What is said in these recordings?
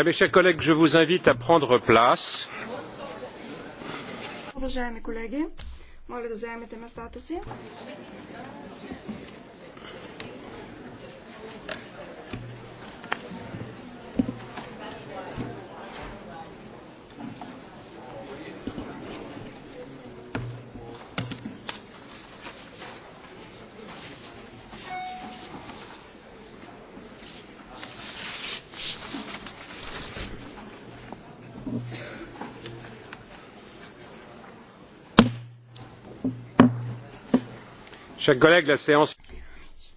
mes chers collègues je vous invite à prendre place. уважаеми колеги моля да заемете местата си.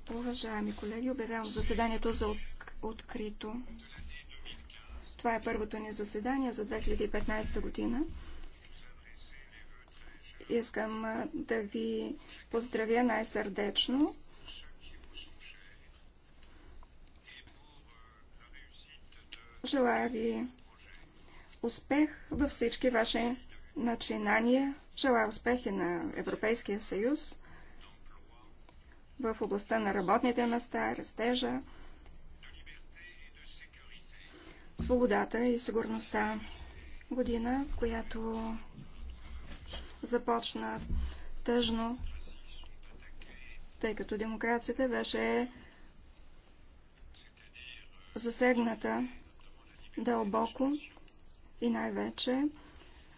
Уважаеми колеги, обявявам заседанието за открито. Това е първото ни заседание за 2015 година. Искам да ви поздравя най-сърдечно Желая ви успех във всички ваши начинания. Желая успехи на Европейския съюз в областта на работните места, растежа, свободата и сигурността. Година, която започна тъжно, тъй като демокрацията беше засегната дълбоко и най-вече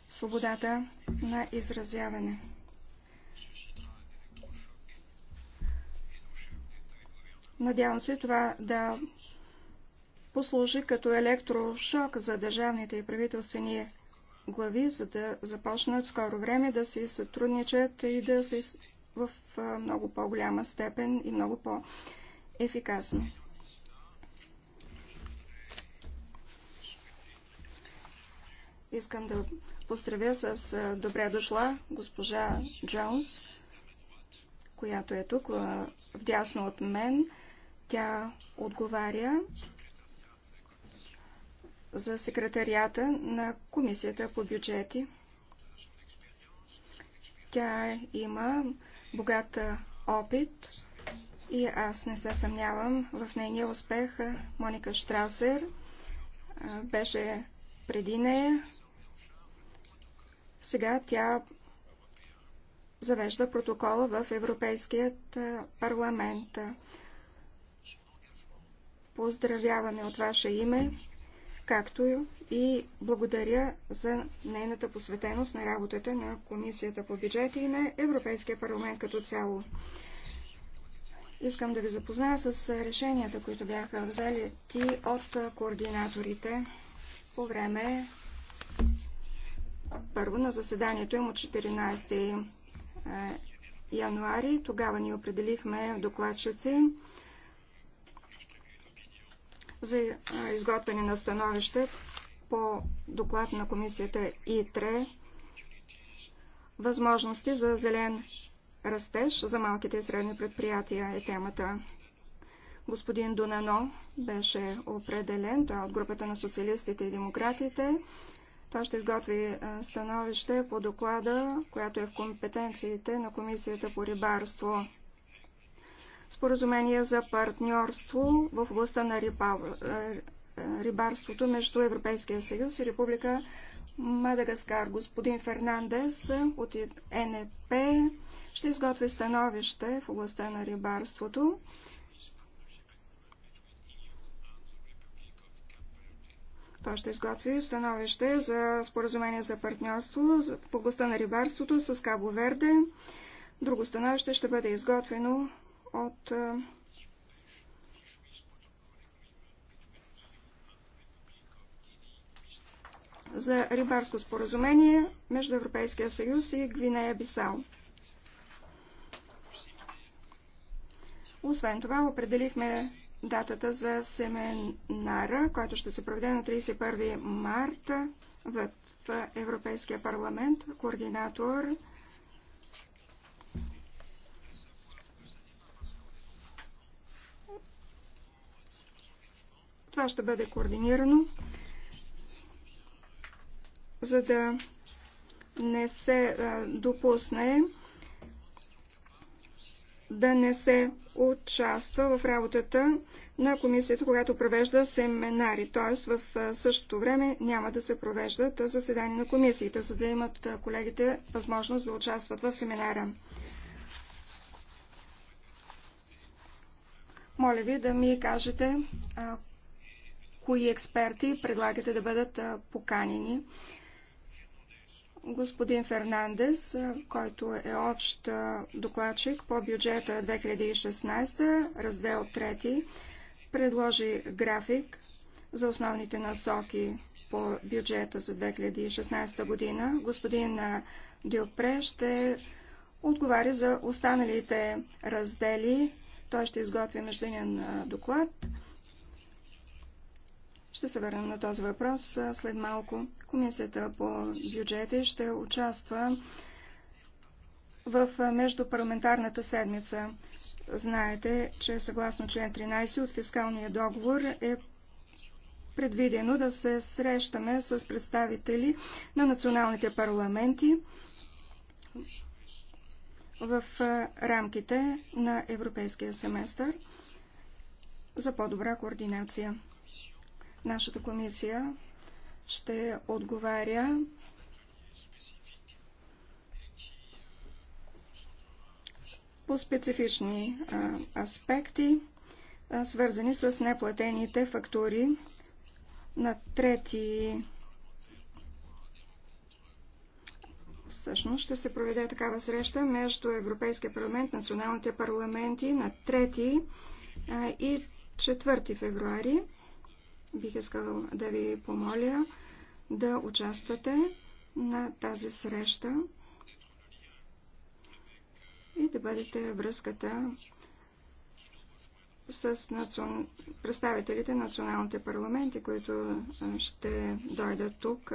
свободата на изразяване. Надявам се това да послужи като електрошок за държавните и правителствени глави, за да започнат в скоро време да си сътрудничат и да се в много по-голяма степен и много по-ефикасно. Искам да поздравя с добре дошла госпожа Джонс, която е тук вдясно от мен. Тя отговаря за секретарията на Комисията по бюджети. Тя има богат опит и аз не се съмнявам в нейния успех. Моника Штраусер беше преди нея. Сега тя завежда протокола в Европейският парламент. Поздравяваме от ваше име, както и благодаря за нейната посветеност на работата на Комисията по бюджети и на Европейския парламент като цяло. Искам да ви запозная с решенията, които бяха взели ти от координаторите по време първо на заседанието им от 14 е, януари. Тогава ни определихме докладчици за изготвяне на становище по доклад на комисията ИТРЕ Възможности за зелен растеж за малките и средни предприятия е темата. Господин Дунано беше определен, той е от групата на социалистите и демократите. Той ще изготви становище по доклада, която е в компетенциите на Комисията по рибарство споразумение за партньорство в областта на е, рибарството между Европейския съюз и Република Мадагаскар. Господин Фернандес от НП ще изготви становище в областта на рибарството. Той ще изготви становище за споразумение за партньорство в областта на рибарството с Кабо Верде. Друго становище ще бъде изготвено от е, за рибарско споразумение между Европейския съюз и Гвинея Бисал. Освен това, определихме датата за семинара, който ще се проведе на 31 марта в Европейския парламент. Координатор Това ще бъде координирано, за да не се допусне да не се участва в работата на комисията, когато провежда семинари. Т.е. в същото време няма да се провеждат заседания на комисията, за да имат колегите възможност да участват в семинара. Моля ви да ми кажете кои експерти предлагате да бъдат поканени. Господин Фернандес, който е общ докладчик по бюджета 2016, раздел 3, предложи график за основните насоки по бюджета за 2016 година. Господин Дюпре ще отговаря за останалите раздели. Той ще изготви междинен доклад. Ще се върнем на този въпрос след малко. Комисията по бюджети ще участва в Междупарламентарната седмица. Знаете, че съгласно член 13 от фискалния договор е предвидено да се срещаме с представители на националните парламенти в рамките на европейския семестър за по-добра координация. Нашата комисия ще отговаря по специфични аспекти, свързани с неплатените фактури на трети Всъщност ще се проведе такава среща между Европейския парламент, националните парламенти на 3 и 4 февруари бих искал да ви помоля да участвате на тази среща и да бъдете връзката с национ... представителите на националните парламенти, които ще дойдат тук.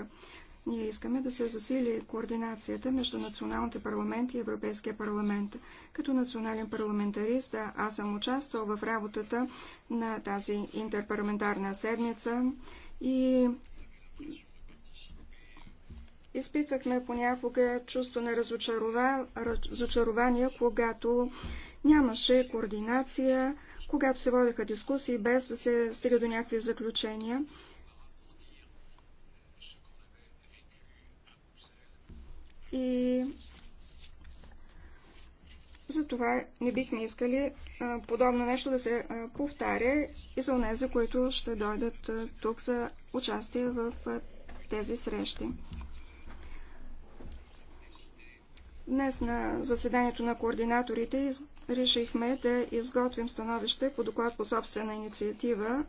Ние искаме да се засили координацията между националните парламенти и Европейския парламент. Като национален парламентарист аз съм участвал в работата на тази интерпарламентарна седмица и изпитвахме понякога чувство на разочарование, когато нямаше координация, когато се водеха дискусии без да се стига до някакви заключения. и за това не бихме искали подобно нещо да се повтаря и за унези, които ще дойдат тук за участие в тези срещи. Днес на заседанието на координаторите решихме да изготвим становище по доклад по собствена инициатива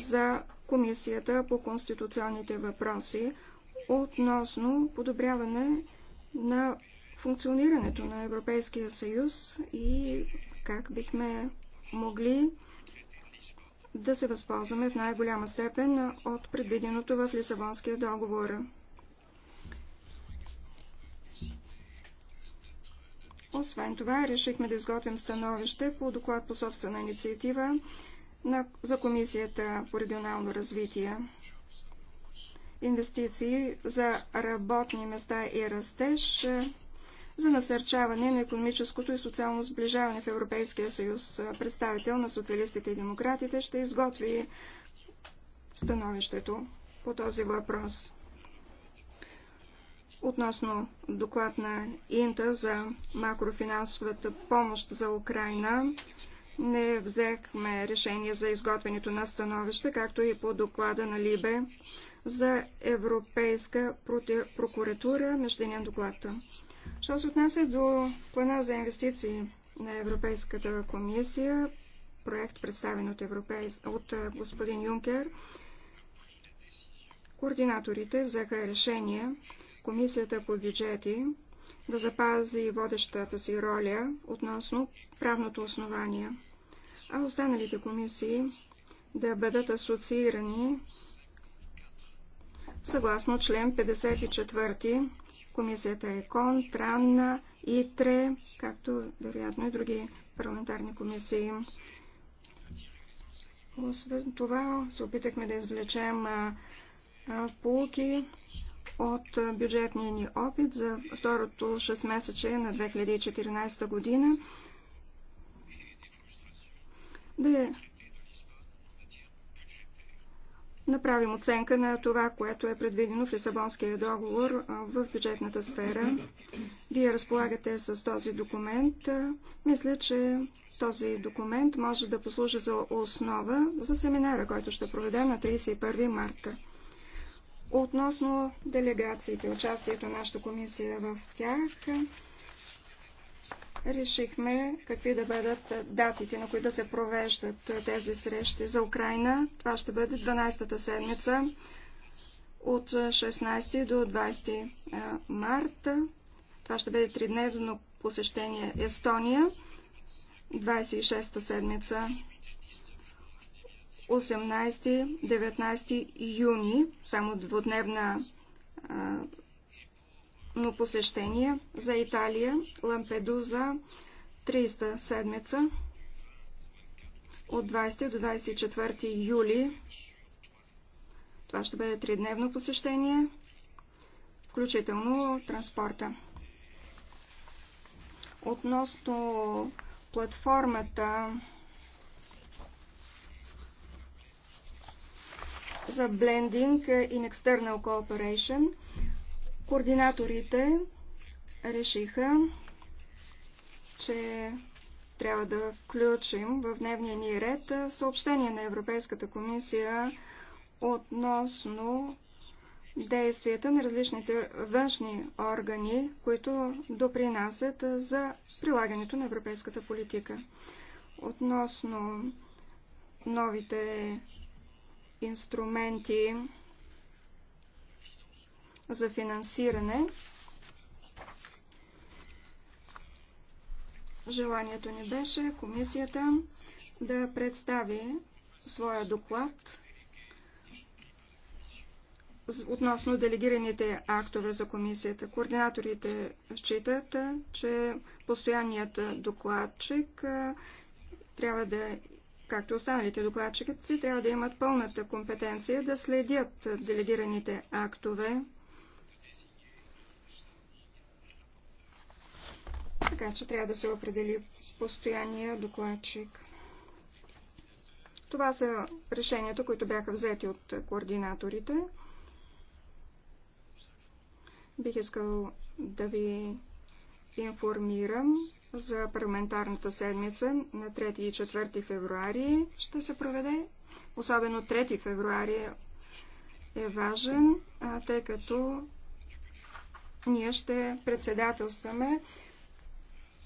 за Комисията по конституционните въпроси относно подобряване на функционирането на Европейския съюз и как бихме могли да се възползваме в най-голяма степен от предвиденото в Лисабонския договор. Освен това, решихме да изготвим становище по доклад по собствена инициатива на, за Комисията по регионално развитие инвестиции за работни места и растеж, е, за насърчаване на економическото и социално сближаване в Европейския съюз. Представител на социалистите и демократите ще изготви становището по този въпрос. Относно доклад на Инта за макрофинансовата помощ за Украина, не взехме решение за изготвянето на становище, както и по доклада на Либе за Европейска прокуратура, междинен доклад. Що се отнася до плана за инвестиции на Европейската комисия, проект представен от, Европейс... от господин Юнкер, координаторите взеха решение Комисията по бюджети да запази водещата си роля относно правното основание, а останалите комисии да бъдат асоциирани съгласно член 54 комисията ЕКОН, Транна, ИТРЕ, както вероятно и други парламентарни комисии. Освен това, се опитахме да извлечем полуки от бюджетния ни опит за второто 6 месече на 2014 година да направим оценка на това, което е предвидено в Лисабонския договор в бюджетната сфера. Вие разполагате с този документ. Мисля, че този документ може да послужи за основа за семинара, който ще проведем на 31 марта. Относно делегациите, участието на нашата комисия в тях, решихме какви да бъдат датите, на които да се провеждат тези срещи за Украина. Това ще бъде 12-та седмица от 16 до 20 марта. Това ще бъде тридневно посещение Естония, 26-та седмица 18-19 юни, само двудневна а, но посещение за Италия, Лампедуза, 30 седмица, от 20 до 24 юли. Това ще бъде тридневно посещение, включително транспорта. Относно платформата, за Blending in External Cooperation. Координаторите решиха, че трябва да включим в дневния ни ред съобщение на Европейската комисия относно действията на различните външни органи, които допринасят за прилагането на европейската политика. Относно новите инструменти за финансиране. Желанието ни беше комисията да представи своя доклад относно делегираните актове за комисията. Координаторите считат, че постоянният докладчик трябва да както останалите докладчици, трябва да имат пълната компетенция да следят делегираните актове. Така че трябва да се определи постоянния докладчик. Това са решенията, които бяха взети от координаторите. Бих искал да ви информирам за парламентарната седмица на 3 и 4 февруари ще се проведе. Особено 3 февруари е важен, тъй като ние ще председателстваме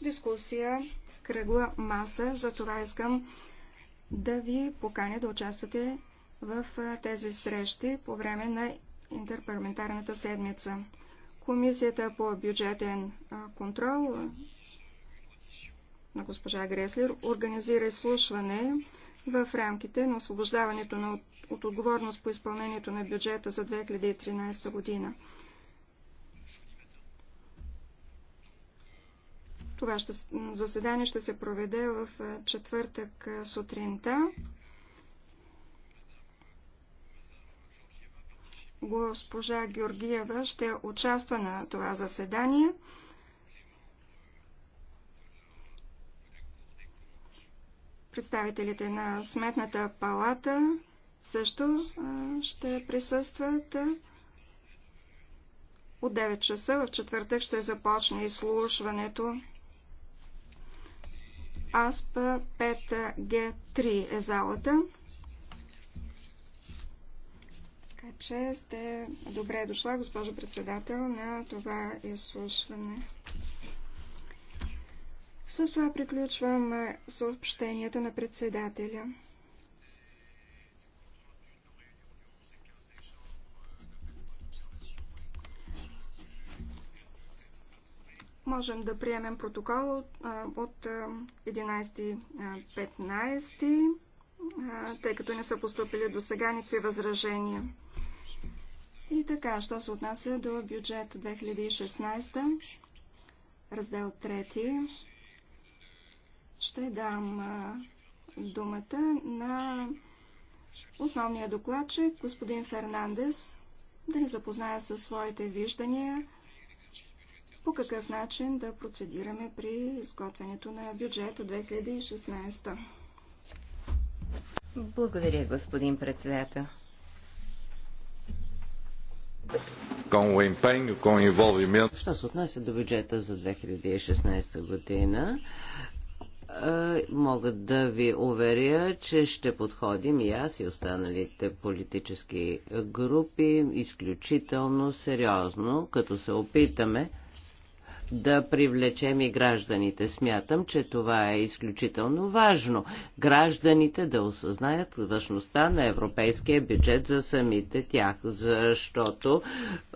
дискусия кръгла маса. За това искам да ви поканя да участвате в тези срещи по време на интерпарламентарната седмица. Комисията по бюджетен контрол на госпожа Греслер организира изслушване в рамките на освобождаването на, от отговорност по изпълнението на бюджета за 2013 година. Това ще, заседание ще се проведе в четвъртък сутринта. Госпожа Георгиева ще участва на това заседание. Представителите на Сметната палата също ще присъстват. От 9 часа в четвъртък ще започне изслушването. АСП 5 г 3 е залата. Така че сте добре дошла, госпожо председател, на това изслушване. С това приключвам съобщенията на председателя. Можем да приемем протокол от 11.15, тъй като не са поступили до сега никакви възражения. И така, що се отнася до бюджет 2016, раздел 3, ще дам думата на основния докладчик, господин Фернандес, да ни запозная със своите виждания по какъв начин да процедираме при изготвянето на бюджет 2016. Благодаря, господин председател. Com o empenho, com o envolvimento. Що се отнася до бюджета за 2016 година, мога да ви уверя, че ще подходим и аз и останалите политически групи изключително сериозно, като се опитаме да привлечем и гражданите. Смятам, че това е изключително важно. Гражданите да осъзнаят важността на европейския бюджет за самите тях, защото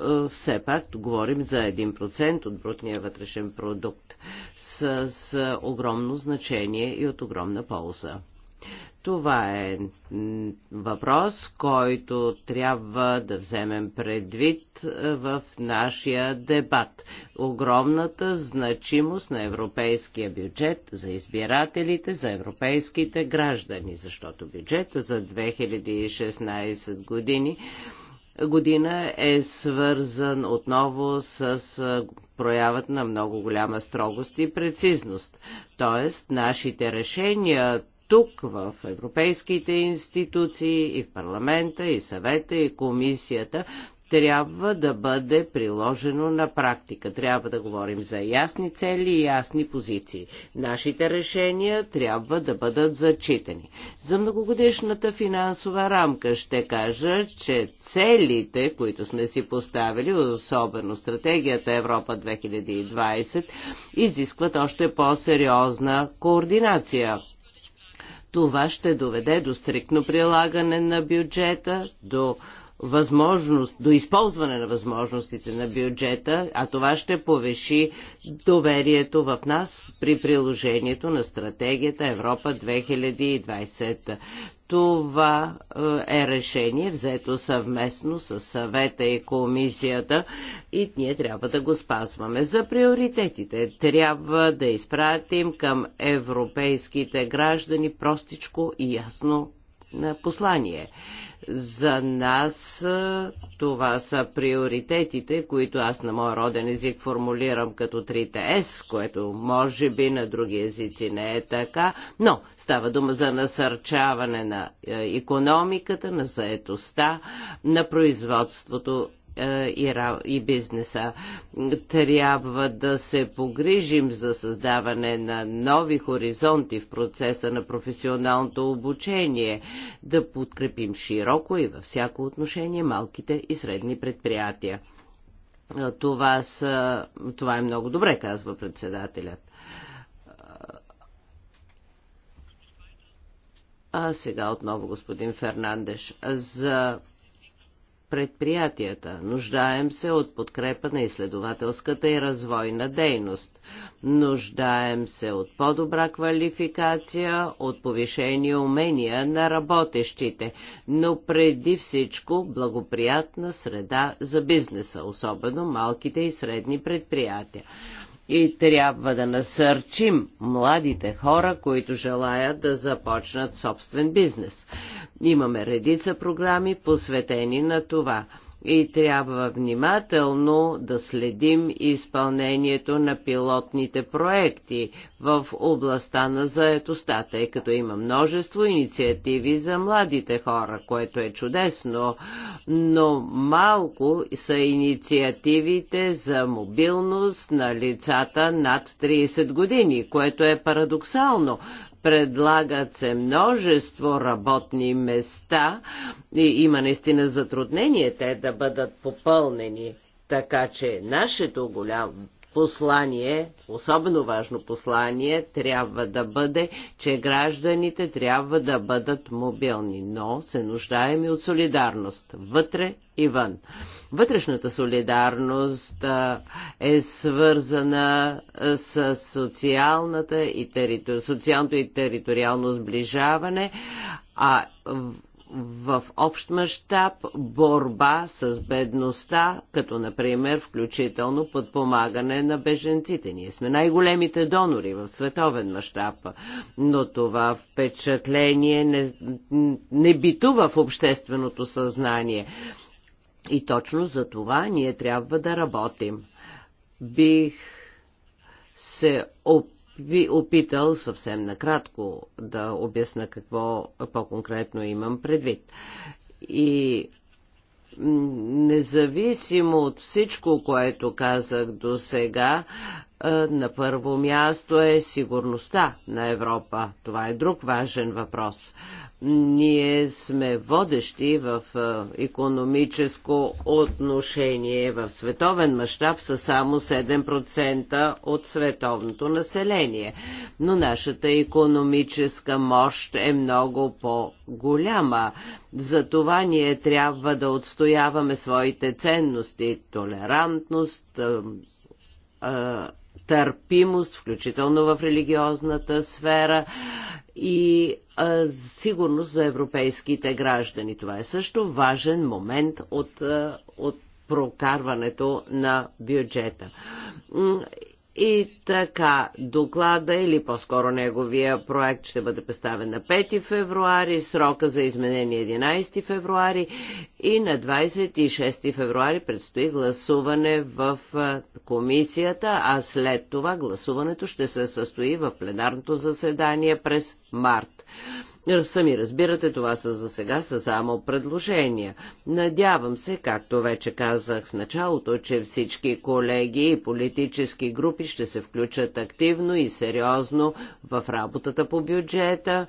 е, все пак говорим за 1% от брутния вътрешен продукт с огромно значение и от огромна полза. Това е въпрос, който трябва да вземем предвид е, в нашия дебат. Огромната значимост на европейския бюджет за избирателите, за европейските граждани, защото бюджета за 2016 години година е свързан отново с е, проявата на много голяма строгост и прецизност. Тоест, нашите решения тук, в европейските институции, и в парламента, и съвета, и комисията, трябва да бъде приложено на практика. Трябва да говорим за ясни цели и ясни позиции. Нашите решения трябва да бъдат зачитани. За многогодишната финансова рамка ще кажа, че целите, които сме си поставили, особено стратегията Европа 2020, изискват още по-сериозна координация това ще доведе до стрикно прилагане на бюджета, до възможност, до използване на възможностите на бюджета, а това ще повиши доверието в нас при приложението на стратегията Европа 2020. Това е, е решение взето съвместно с съвета и комисията и ние трябва да го спазваме. За приоритетите трябва да изпратим към европейските граждани простичко и ясно послание. За нас това са приоритетите, които аз на моя роден език формулирам като трите С, което може би на други езици не е така, но става дума за насърчаване на економиката, на заетостта, на производството е, и, и бизнеса. Трябва да се погрижим за създаване на нови хоризонти в процеса на професионалното обучение, да подкрепим широко и във всяко отношение малките и средни предприятия. Е, това, са, това е много добре, казва председателят. А сега отново господин Фернандеш за предприятията. Нуждаем се от подкрепа на изследователската и развойна дейност. Нуждаем се от по-добра квалификация, от повишени умения на работещите, но преди всичко благоприятна среда за бизнеса, особено малките и средни предприятия и трябва да насърчим младите хора, които желаят да започнат собствен бизнес. Имаме редица програми, посветени на това и трябва внимателно да следим изпълнението на пилотните проекти в областта на заетостта, тъй като има множество инициативи за младите хора, което е чудесно, но малко са инициативите за мобилност на лицата над 30 години, което е парадоксално, Предлагат се множество работни места и има наистина затруднение те да бъдат попълнени. Така че нашето голямо послание, особено важно послание, трябва да бъде, че гражданите трябва да бъдат мобилни, но се нуждаем и от солидарност, вътре и вън. Вътрешната солидарност е свързана с социалната и територи... социалното и териториално сближаване, а в общ мащаб борба с бедността, като например включително подпомагане на беженците. Ние сме най-големите донори в световен мащаб, но това впечатление не, не битува в общественото съзнание. И точно за това ние трябва да работим. Бих се опитал ви опитал съвсем накратко да обясна какво по-конкретно имам предвид. И независимо от всичко, което казах до сега, е, на първо място е сигурността на Европа. Това е друг важен въпрос. Ние сме водещи в економическо отношение в световен мащаб са само 7% от световното население. Но нашата економическа мощ е много по-голяма. Затова ние трябва да отстояваме своите ценности, толерантност, е, е, търпимост, включително в религиозната сфера и а, сигурност за европейските граждани. Това е също важен момент от, от прокарването на бюджета. И така, доклада или по-скоро неговия проект ще бъде представен на 5 февруари, срока за изменение 11 е февруари и на 26 февруари предстои гласуване в комисията, а след това гласуването ще се състои в пленарното заседание през март. Сами разбирате, това са за сега са само предложения. Надявам се, както вече казах в началото, че всички колеги и политически групи ще се включат активно и сериозно в работата по бюджета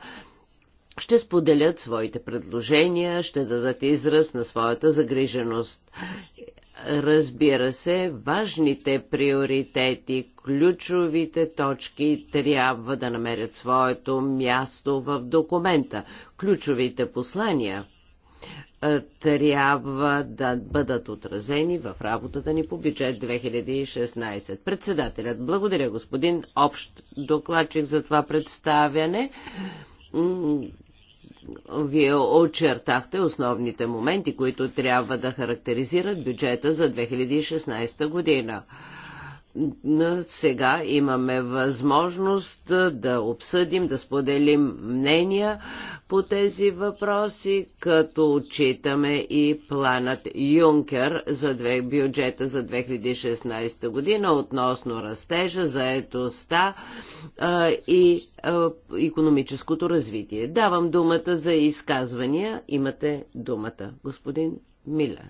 ще споделят своите предложения, ще дадат израз на своята загриженост. Разбира се, важните приоритети, ключовите точки трябва да намерят своето място в документа. Ключовите послания е, трябва да бъдат отразени в работата ни по бюджет 2016. Председателят, благодаря господин общ докладчик за това представяне вие очертахте основните моменти, които трябва да характеризират бюджета за 2016 година сега имаме възможност да обсъдим, да споделим мнения по тези въпроси, като отчитаме и планът Юнкер за две, бюджета за 2016 година относно растежа, заетостта и економическото развитие. Давам думата за изказвания. Имате думата, господин Милер.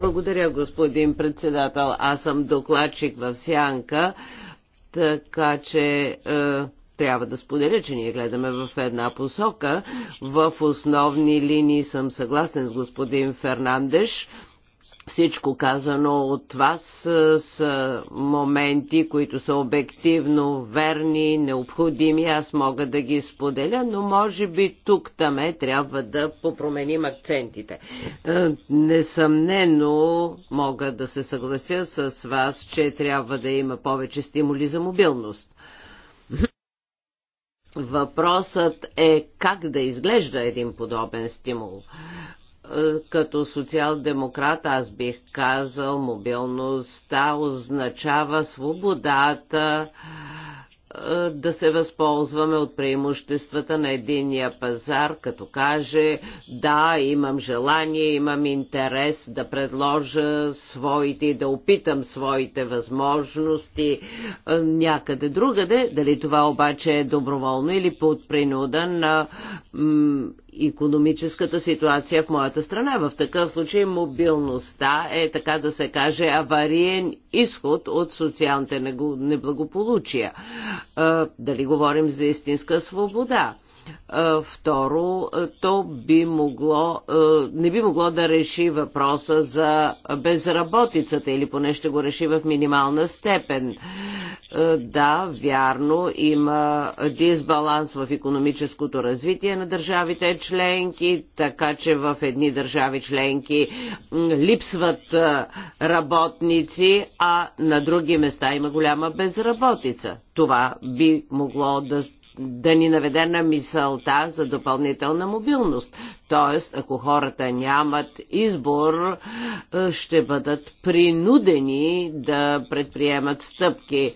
Благодаря, господин председател. Аз съм докладчик в Сянка, така че е, трябва да споделя, че ние гледаме в една посока. В основни линии съм съгласен с господин Фернандеш всичко казано от вас е, с моменти, които са обективно верни, необходими. Аз мога да ги споделя, но може би тук таме трябва да попроменим акцентите. Е, несъмнено мога да се съглася с вас, че трябва да има повече стимули за мобилност. Въпросът е как да изглежда един подобен стимул като социал-демократ аз бих казал, мобилността означава свободата да се възползваме от преимуществата на единния пазар, като каже да, имам желание, имам интерес да предложа своите и да опитам своите възможности някъде другаде. Дали това обаче е доброволно или под принуда на економическата ситуация в моята страна. В такъв случай мобилността е, така да се каже, авариен изход от социалните неблагополучия. Дали говорим за истинска свобода? Второ, то би могло, не би могло да реши въпроса за безработицата или поне ще го реши в минимална степен. Да, вярно, има дисбаланс в економическото развитие на държавите членки, така че в едни държави членки липсват работници, а на други места има голяма безработица. Това би могло да да ни наведе на мисълта за допълнителна мобилност. Тоест, ако хората нямат избор, е, ще бъдат принудени да предприемат стъпки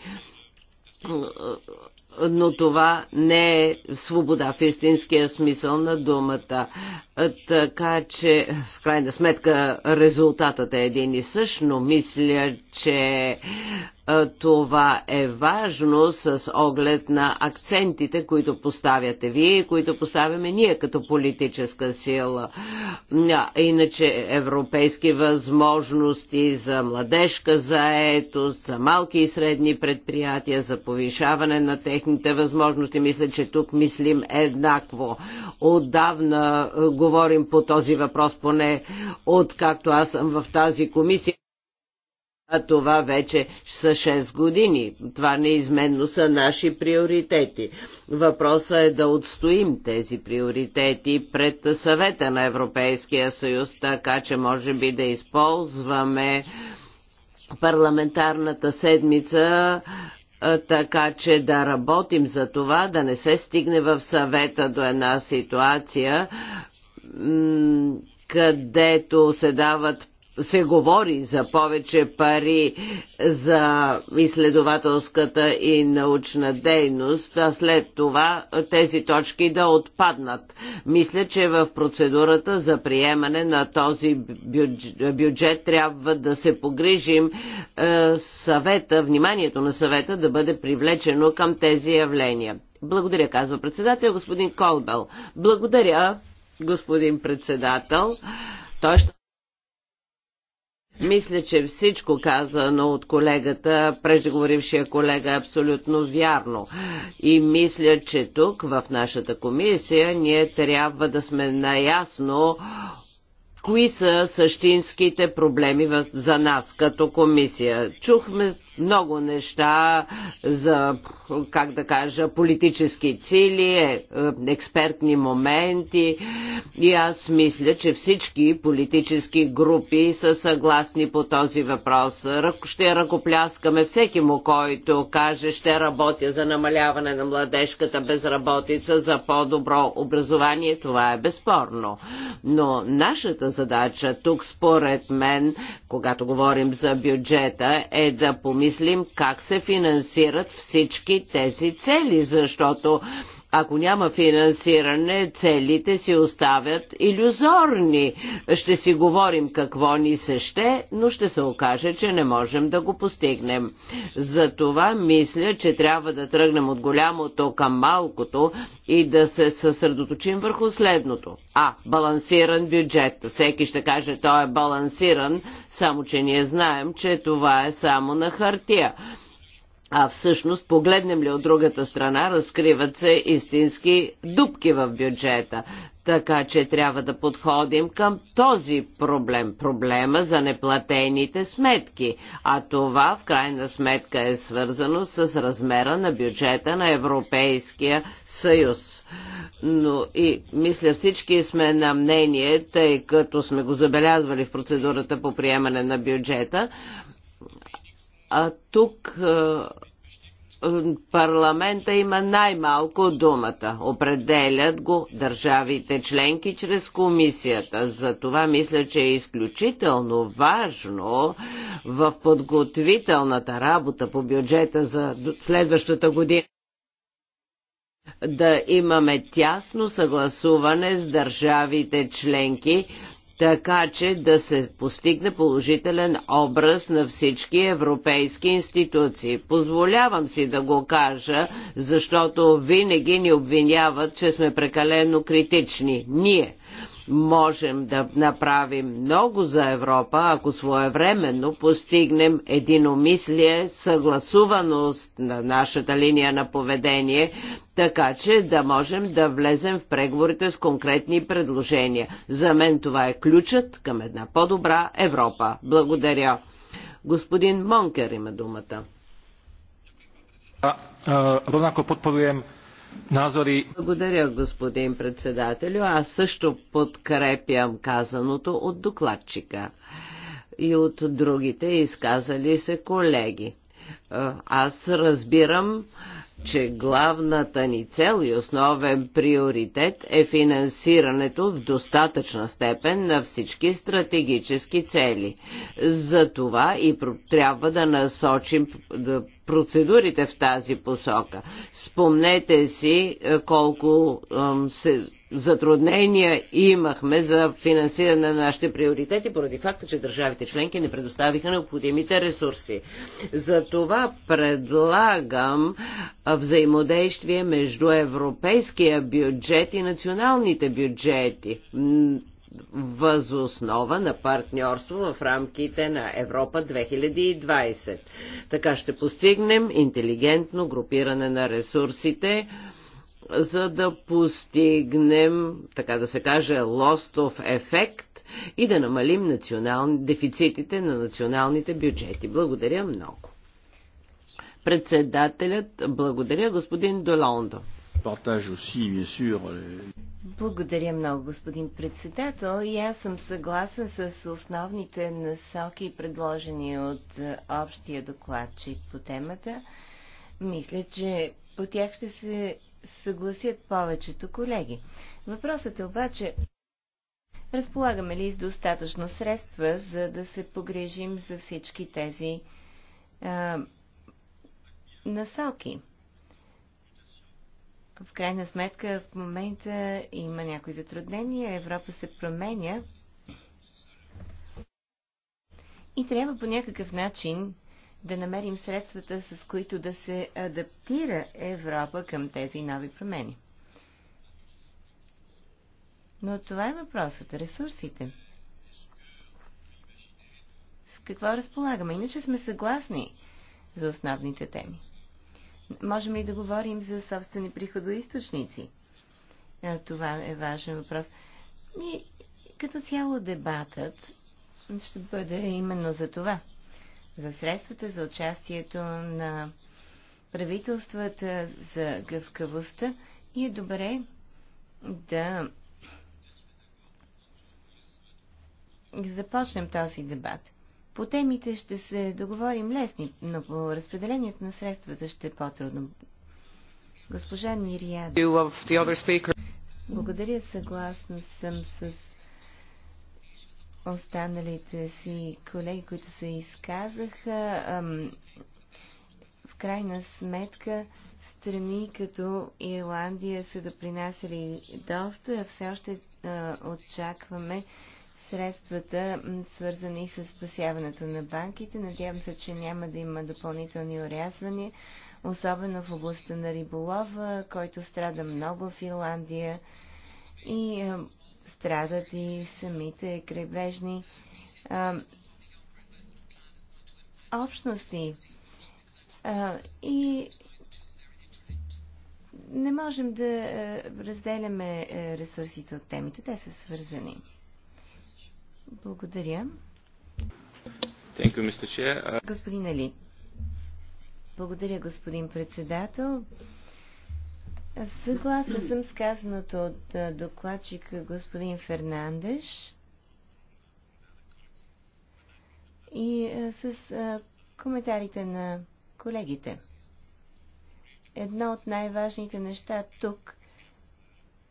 но това не е свобода в истинския смисъл на думата. Е, така че, в крайна сметка, резултатът е един и същ, но мисля, че е, е, това е важно с оглед на акцентите, които поставяте вие и които поставяме ние като политическа сила. Иначе европейски възможности за младежка заетост, за малки и средни предприятия, за повишаване на техните възможности. Мисля, че тук мислим еднакво. Отдавна е, говорим по този въпрос, поне откакто аз съм в тази комисия а това вече са 6 години. Това неизменно са наши приоритети. Въпросът е да отстоим тези приоритети пред съвета на Европейския съюз, така че може би да използваме парламентарната седмица така че да работим за това, да не се стигне в съвета до една ситуация, където се дават се говори за повече пари за изследователската и научна дейност, а след това тези точки да отпаднат. Мисля, че в процедурата за приемане на този бюджет, бюджет трябва да се погрижим е, съвета, вниманието на съвета да бъде привлечено към тези явления. Благодаря, казва председател господин Колбел. Благодаря, господин председател. Той ще... Мисля, че всичко казано от колегата, преждеговорившия колега, е абсолютно вярно. И мисля, че тук, в нашата комисия, ние трябва да сме наясно кои са същинските проблеми за нас като комисия. Чухме много неща за, как да кажа, политически цили, е, е, експертни моменти и аз мисля, че всички политически групи са съгласни по този въпрос. Ще ръкопляскаме всеки му, който каже, ще работя за намаляване на младежката безработица, за по-добро образование. Това е безспорно. Но нашата задача тук, според мен, когато говорим за бюджета, е да помислим помислим как се финансират всички тези цели, защото ако няма финансиране, целите си оставят иллюзорни. Ще си говорим какво ни се ще, но ще се окаже, че не можем да го постигнем. Затова мисля, че трябва да тръгнем от голямото към малкото и да се съсредоточим върху следното. А, балансиран бюджет. Всеки ще каже, той е балансиран, само че ние знаем, че това е само на хартия а всъщност, погледнем ли от другата страна, разкриват се истински дупки в бюджета. Така че трябва да подходим към този проблем, проблема за неплатените сметки. А това в крайна сметка е свързано с размера на бюджета на Европейския съюз. Но и мисля всички сме на мнение, тъй като сме го забелязвали в процедурата по приемане на бюджета, а тук е, е, парламента има най-малко думата. Определят го държавите членки чрез комисията. За това мисля, че е изключително важно в подготвителната работа по бюджета за следващата година да имаме тясно съгласуване с държавите членки така че да се постигне положителен образ на всички европейски институции. Позволявам си да го кажа, защото винаги ни обвиняват, че сме прекалено критични. Ние Можем да направим много за Европа, ако своевременно постигнем единомислие, съгласуваност на нашата линия на поведение, така че да можем да влезем в преговорите с конкретни предложения. За мен това е ключът към една по-добра Европа. Благодаря. Господин Монкер има думата. Ронако подпоруjem благодаря, господин председателю. Аз също подкрепям казаното от докладчика и от другите изказали се колеги. Е, аз разбирам, че главната ни цел и основен приоритет е финансирането в достатъчна степен на всички стратегически цели. За това и трябва да насочим процедурите в тази посока. Спомнете си е, колко се затруднения имахме за финансиране на нашите приоритети поради факта, че държавите членки не предоставиха необходимите ресурси. За това това предлагам взаимодействие между европейския бюджет и националните бюджети възоснова на партньорство в рамките на Европа 2020. Така ще постигнем интелигентно групиране на ресурсите, за да постигнем, така да се каже, лостов ефект и да намалим национални, дефицитите на националните бюджети. Благодаря много. Председателят, благодаря, господин Долондо. Euh, благодаря много, господин председател. И аз съм съгласен с основните насоки, предложени от е, общия докладчик по темата. Мисля, че по тях ще се съгласят повечето колеги. Въпросът е обаче, разполагаме ли с достатъчно средства, за да се погрежим за всички тези а, е, насоки. В крайна сметка в момента има някои затруднения, Европа се променя и трябва по някакъв начин да намерим средствата, с които да се адаптира Европа към тези нови промени. Но това е въпросът – ресурсите. С какво разполагаме? Иначе сме съгласни за основните теми можем и да говорим за собствени приходоисточници. Е, това е важен въпрос. И като цяло дебатът ще бъде именно за това. За средствата, за участието на правителствата, за гъвкавостта и е добре да започнем този дебат. По темите ще се договорим лесни, но по разпределението на средствата ще е по-трудно. Госпожа Нириада. Благодаря, съгласна съм с останалите си колеги, които се изказаха. В крайна сметка, страни като Ирландия са допринасяли доста. а Все още очакваме средствата, свързани с спасяването на банките. Надявам се, че няма да има допълнителни орязвания, особено в областта на риболова, който страда много в Ирландия и а, страдат и самите крайбрежни а, общности. А, и не можем да разделяме ресурсите от темите, те са свързани. Благодаря. You, uh, господин Али. Благодаря, господин председател. Съгласна съм с казаното от докладчик господин Фернандеш и с коментарите на колегите. Едно от най-важните неща тук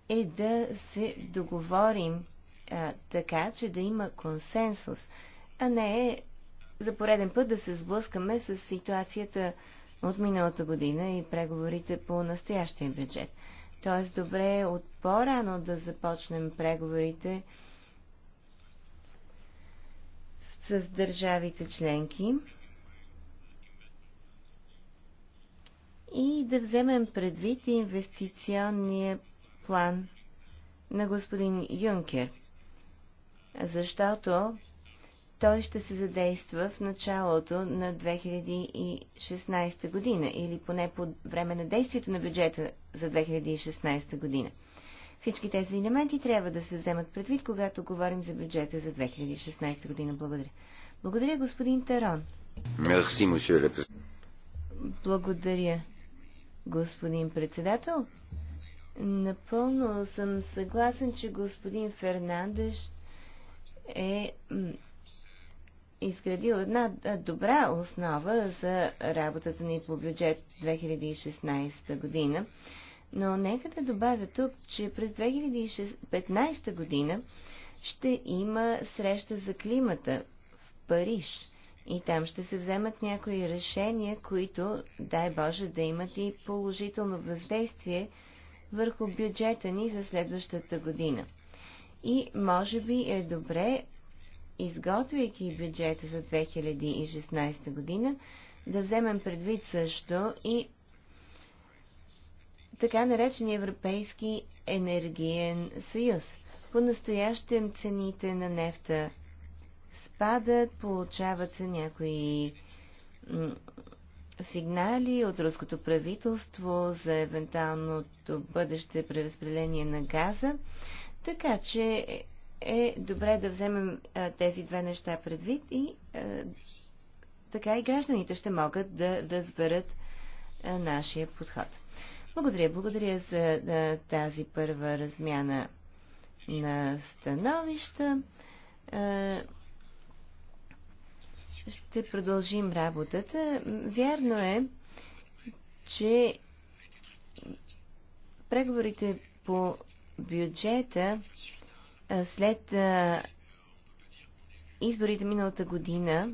е да се договорим а, така, че да има консенсус, а не е за пореден път да се сблъскаме с ситуацията от миналата година и преговорите по настоящия бюджет. Тоест, добре е от по-рано да започнем преговорите с държавите членки и да вземем предвид инвестиционния план на господин Юнкер – защото той ще се задейства в началото на 2016 година или поне по време на действието на бюджета за 2016 година. Всички тези елементи трябва да се вземат предвид, когато говорим за бюджета за 2016 година. Благодаря. Благодаря, господин Тарон. Мерси, Благодаря, господин председател. Напълно съм съгласен, че господин Фернандеш е изградил една добра основа за работата ни по бюджет 2016 година. Но нека да добавя тук, че през 2015 година ще има среща за климата в Париж. И там ще се вземат някои решения, които, дай Боже, да имат и положително въздействие върху бюджета ни за следващата година. И може би е добре, изготвяйки бюджета за 2016 година, да вземем предвид също и така наречения Европейски енергиен съюз. По-настоящем цените на нефта спадат, получават се някои сигнали от руското правителство за евентуалното бъдеще преразпределение на газа, така че е добре да вземем а, тези две неща предвид и а, така и гражданите ще могат да разберат да нашия подход. Благодаря, благодаря за да, тази първа размяна на становища. А, ще продължим работата. Вярно е, че преговорите по бюджета след изборите миналата година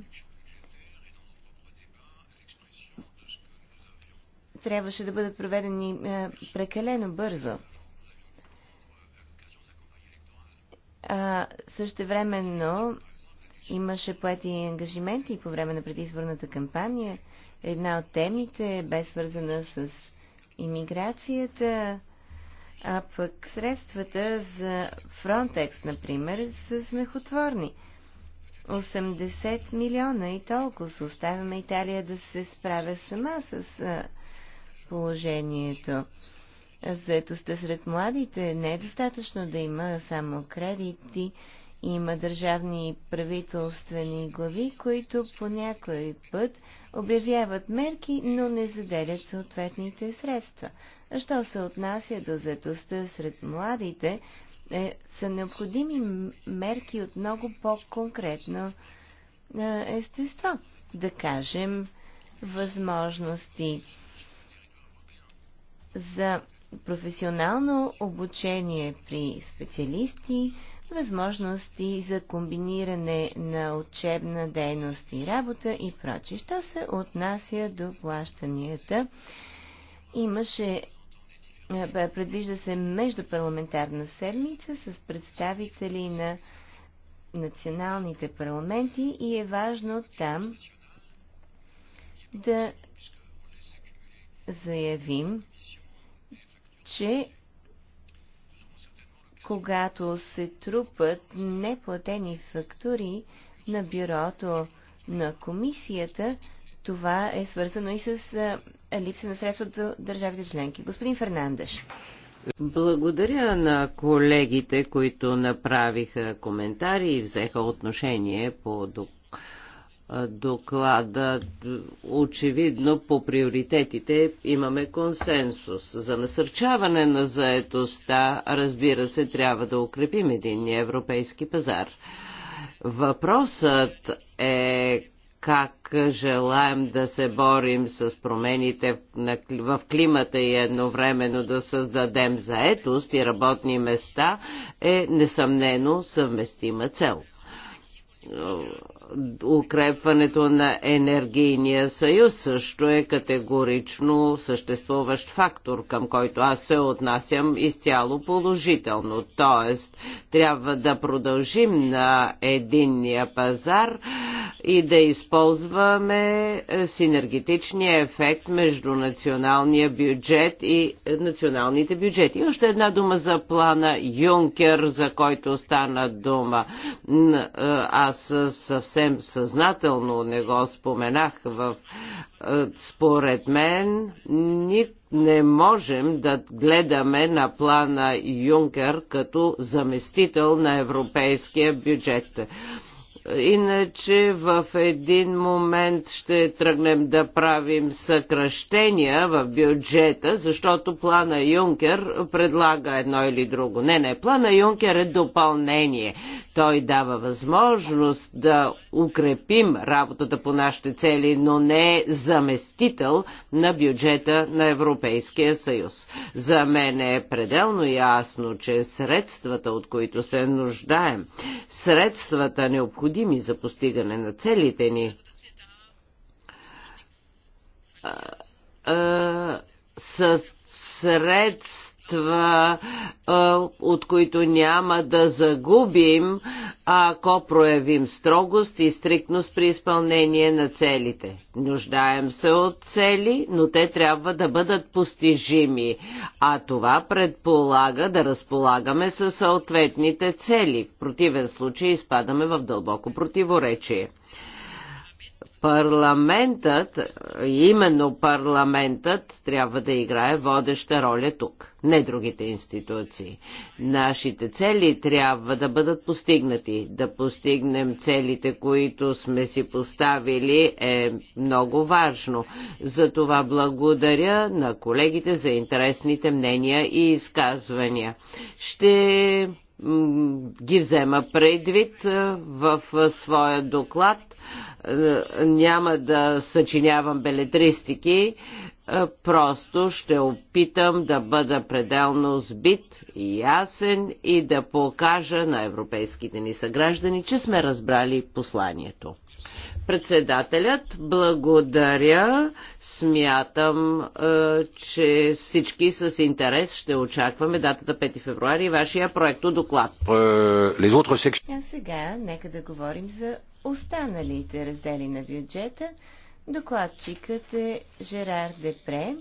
трябваше да бъдат проведени прекалено бързо. А, същевременно имаше поети ангажименти по време на предизборната кампания. Една от темите бе свързана с иммиграцията, а пък средствата за Frontex, например, са смехотворни. 80 милиона и толкова. се Оставяме Италия да се справя сама с положението. Заетостта сред младите не е достатъчно да има само кредити има държавни и правителствени глави, които по някой път обявяват мерки, но не заделят съответните средства. Що се отнася до зетостта сред младите, е, са необходими мерки от много по-конкретно е, естество. Да кажем, възможности за професионално обучение при специалисти, възможности за комбиниране на учебна дейност и работа и прочи. Що се отнася до плащанията, имаше е, предвижда се междупарламентарна седмица с представители на националните парламенти и е важно там да заявим, че когато се трупат неплатени фактури на бюрото на комисията, това е свързано и с липса на средства от държавите членки. Господин Фернандеш. Благодаря на колегите, които направиха коментари и взеха отношение по доклада доклада. Очевидно по приоритетите имаме консенсус. За насърчаване на заетостта, разбира се, трябва да укрепим един европейски пазар. Въпросът е как желаем да се борим с промените в климата и едновременно да създадем заетост и работни места е несъмнено съвместима цел укрепването на енергийния съюз също е категорично съществуващ фактор, към който аз се отнасям изцяло положително. Тоест, трябва да продължим на единния пазар и да използваме синергетичния ефект между националния бюджет и националните бюджети. И още една дума за плана Юнкер, за който стана дума. Аз съвсем съвсем съзнателно не го споменах в е, според мен ни не можем да гледаме на плана Юнкер като заместител на европейския бюджет. Иначе в един момент ще тръгнем да правим съкръщения в бюджета, защото плана Юнкер предлага едно или друго. Не, не, плана Юнкер е допълнение. Той дава възможност да укрепим работата по нашите цели, но не е заместител на бюджета на Европейския съюз. За мен е пределно ясно, че средствата, от които се нуждаем, средствата необходими необходими за постигане на целите ни. А, а, с средства богатства, от които няма да загубим, ако проявим строгост и стриктност при изпълнение на целите. Нуждаем се от цели, но те трябва да бъдат постижими, а това предполага да разполагаме със съответните цели. В противен случай изпадаме в дълбоко противоречие парламентът, именно парламентът, трябва да играе водеща роля тук, не другите институции. Нашите цели трябва да бъдат постигнати. Да постигнем целите, които сме си поставили е много важно. Затова благодаря на колегите за интересните мнения и изказвания. Ще ги взема предвид в своя доклад. Няма да съчинявам белетристики, просто ще опитам да бъда пределно сбит и ясен и да покажа на европейските ни съграждани, че сме разбрали посланието. Председателят, благодаря. Смятам, е, че всички с интерес ще очакваме датата 5 февруари и вашия проект доклад. Е, а сега нека да говорим за останалите раздели на бюджета. Докладчикът е Жерар Депре.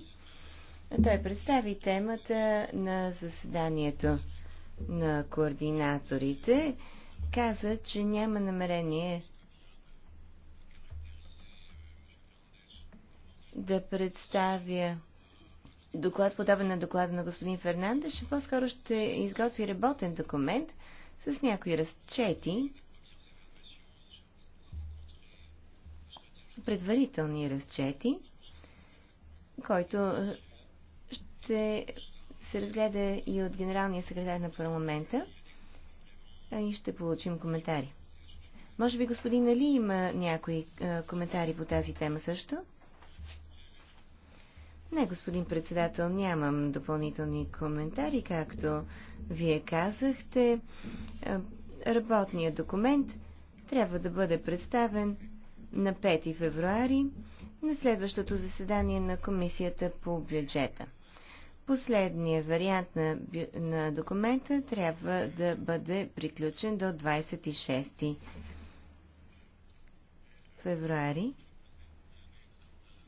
Той представи темата на заседанието на координаторите. Каза, че няма намерение да представя доклад, подобен на доклада на господин Фернандеш, ще по-скоро ще изготви работен документ с някои разчети, предварителни разчети, който ще се разгледа и от генералния секретар на парламента и ще получим коментари. Може би господин Али има някои коментари по тази тема също? Не, господин председател, нямам допълнителни коментари. Както вие казахте, е, работният документ трябва да бъде представен на 5 февруари на следващото заседание на Комисията по бюджета. Последният вариант на, бю... на документа трябва да бъде приключен до 26 февруари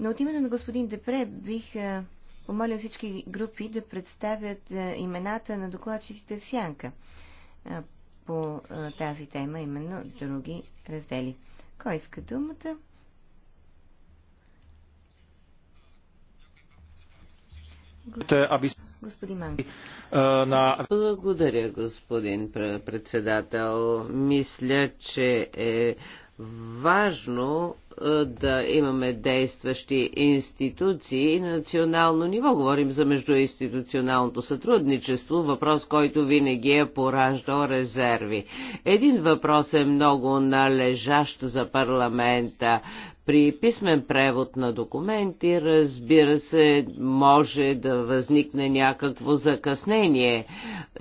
но от името на господин Депре бих помолил всички групи да представят имената на докладчиците в сянка по тази тема, именно други раздели. Кой иска думата? Господин Манки. Благодаря, господин председател. Мисля, че е важно е, да имаме действащи институции на национално ниво. Говорим за междуинституционалното сътрудничество, въпрос, който винаги е пораждал резерви. Един въпрос е много належащ за парламента. При писмен превод на документи, разбира се, може да възникне някакво закъснение,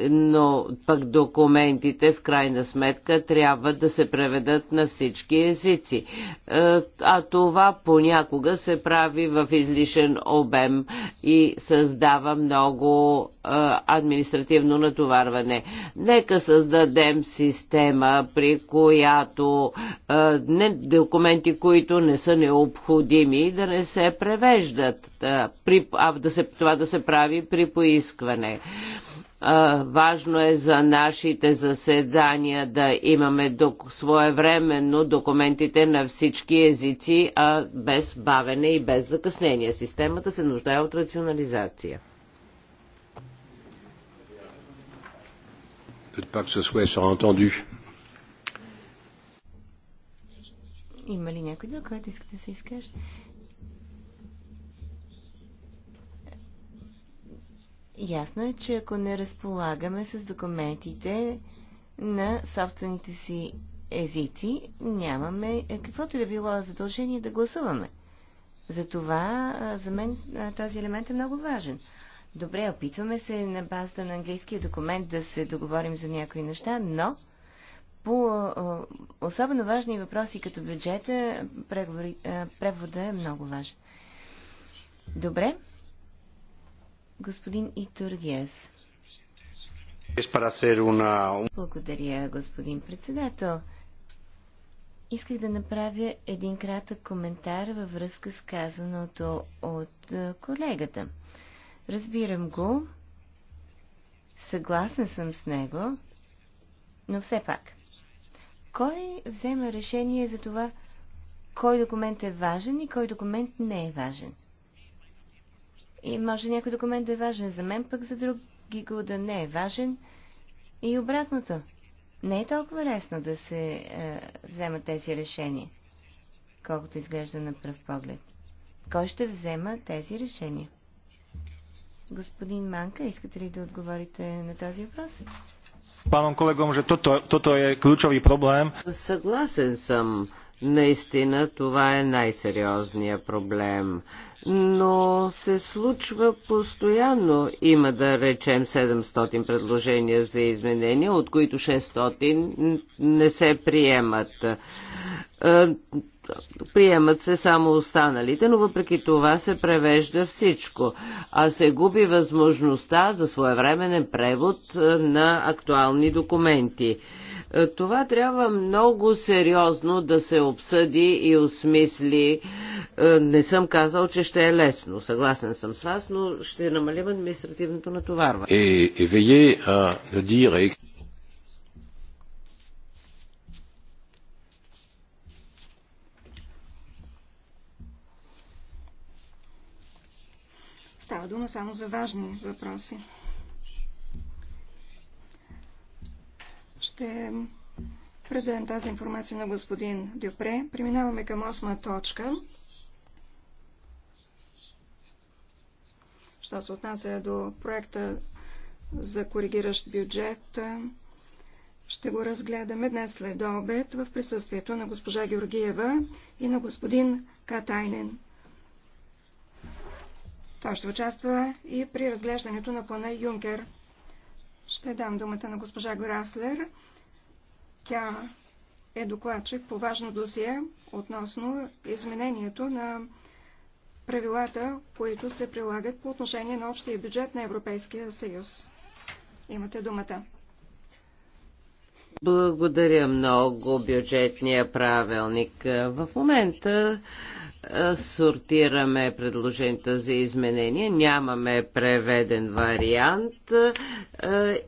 но пък документите в крайна сметка трябва да се преведат на всички езици. Е, а това понякога се прави в излишен обем и създава много административно натоварване. Нека създадем система, при която не, документи, които не са необходими, да не се превеждат, при, а да се, това да се прави при поискване важно е за нашите заседания да имаме док, своевременно документите на всички езици, а без бавене и без закъснение. Системата се нуждае от рационализация. Peut-être pas que ce souhait sera entendu. Има ли някой друг, който иска да се изкаже? Ясно е, че ако не разполагаме с документите на собствените си езици, нямаме каквото да било задължение да гласуваме. Затова за мен този елемент е много важен. Добре, опитваме се на базата на английския документ да се договорим за някои неща, но по особено важни въпроси като бюджета, превода е много важен. Добре. Господин Итургиес. Е Благодаря, господин председател. Исках да направя един кратък коментар във връзка с казаното от колегата. Разбирам го, съгласен съм с него, но все пак. Кой взема решение за това, кой документ е важен и кой документ не е важен? И може някой документ да е важен за мен, пък за други го да не е важен. И обратното. Не е толкова лесно да се е, взема тези решения, колкото изглежда на пръв поглед. Кой ще взема тези решения? Господин Манка, искате ли да отговорите на този въпрос? Pánom колегом, че тото, toto je kľúčový problém. Съгласен съм Наистина това е най-сериозният проблем. Но се случва постоянно. Има да речем 700 предложения за изменения, от които 600 не се приемат. Е, приемат се само останалите, но въпреки това се превежда всичко, а се губи възможността за своевременен превод е, на актуални документи. Е, това трябва много сериозно да се обсъди и осмисли. Е, не съм казал, че ще е лесно. Съгласен съм с вас, но ще намалим административното натоварване. Е, и, вие, да директ... Става дума само за важни въпроси. Ще предадем тази информация на господин Дюпре. Преминаваме към осма точка. Що се отнася до проекта за коригиращ бюджет, ще го разгледаме днес след обед в присъствието на госпожа Георгиева и на господин Катайнен. Той ще участва и при разглеждането на плана Юнкер. Ще дам думата на госпожа Граслер. Тя е докладчик по важно досие относно изменението на правилата, които се прилагат по отношение на общия бюджет на Европейския съюз. Имате думата. Благодаря много бюджетния правилник. В момента сортираме предложенията за изменения. Нямаме преведен вариант. Е,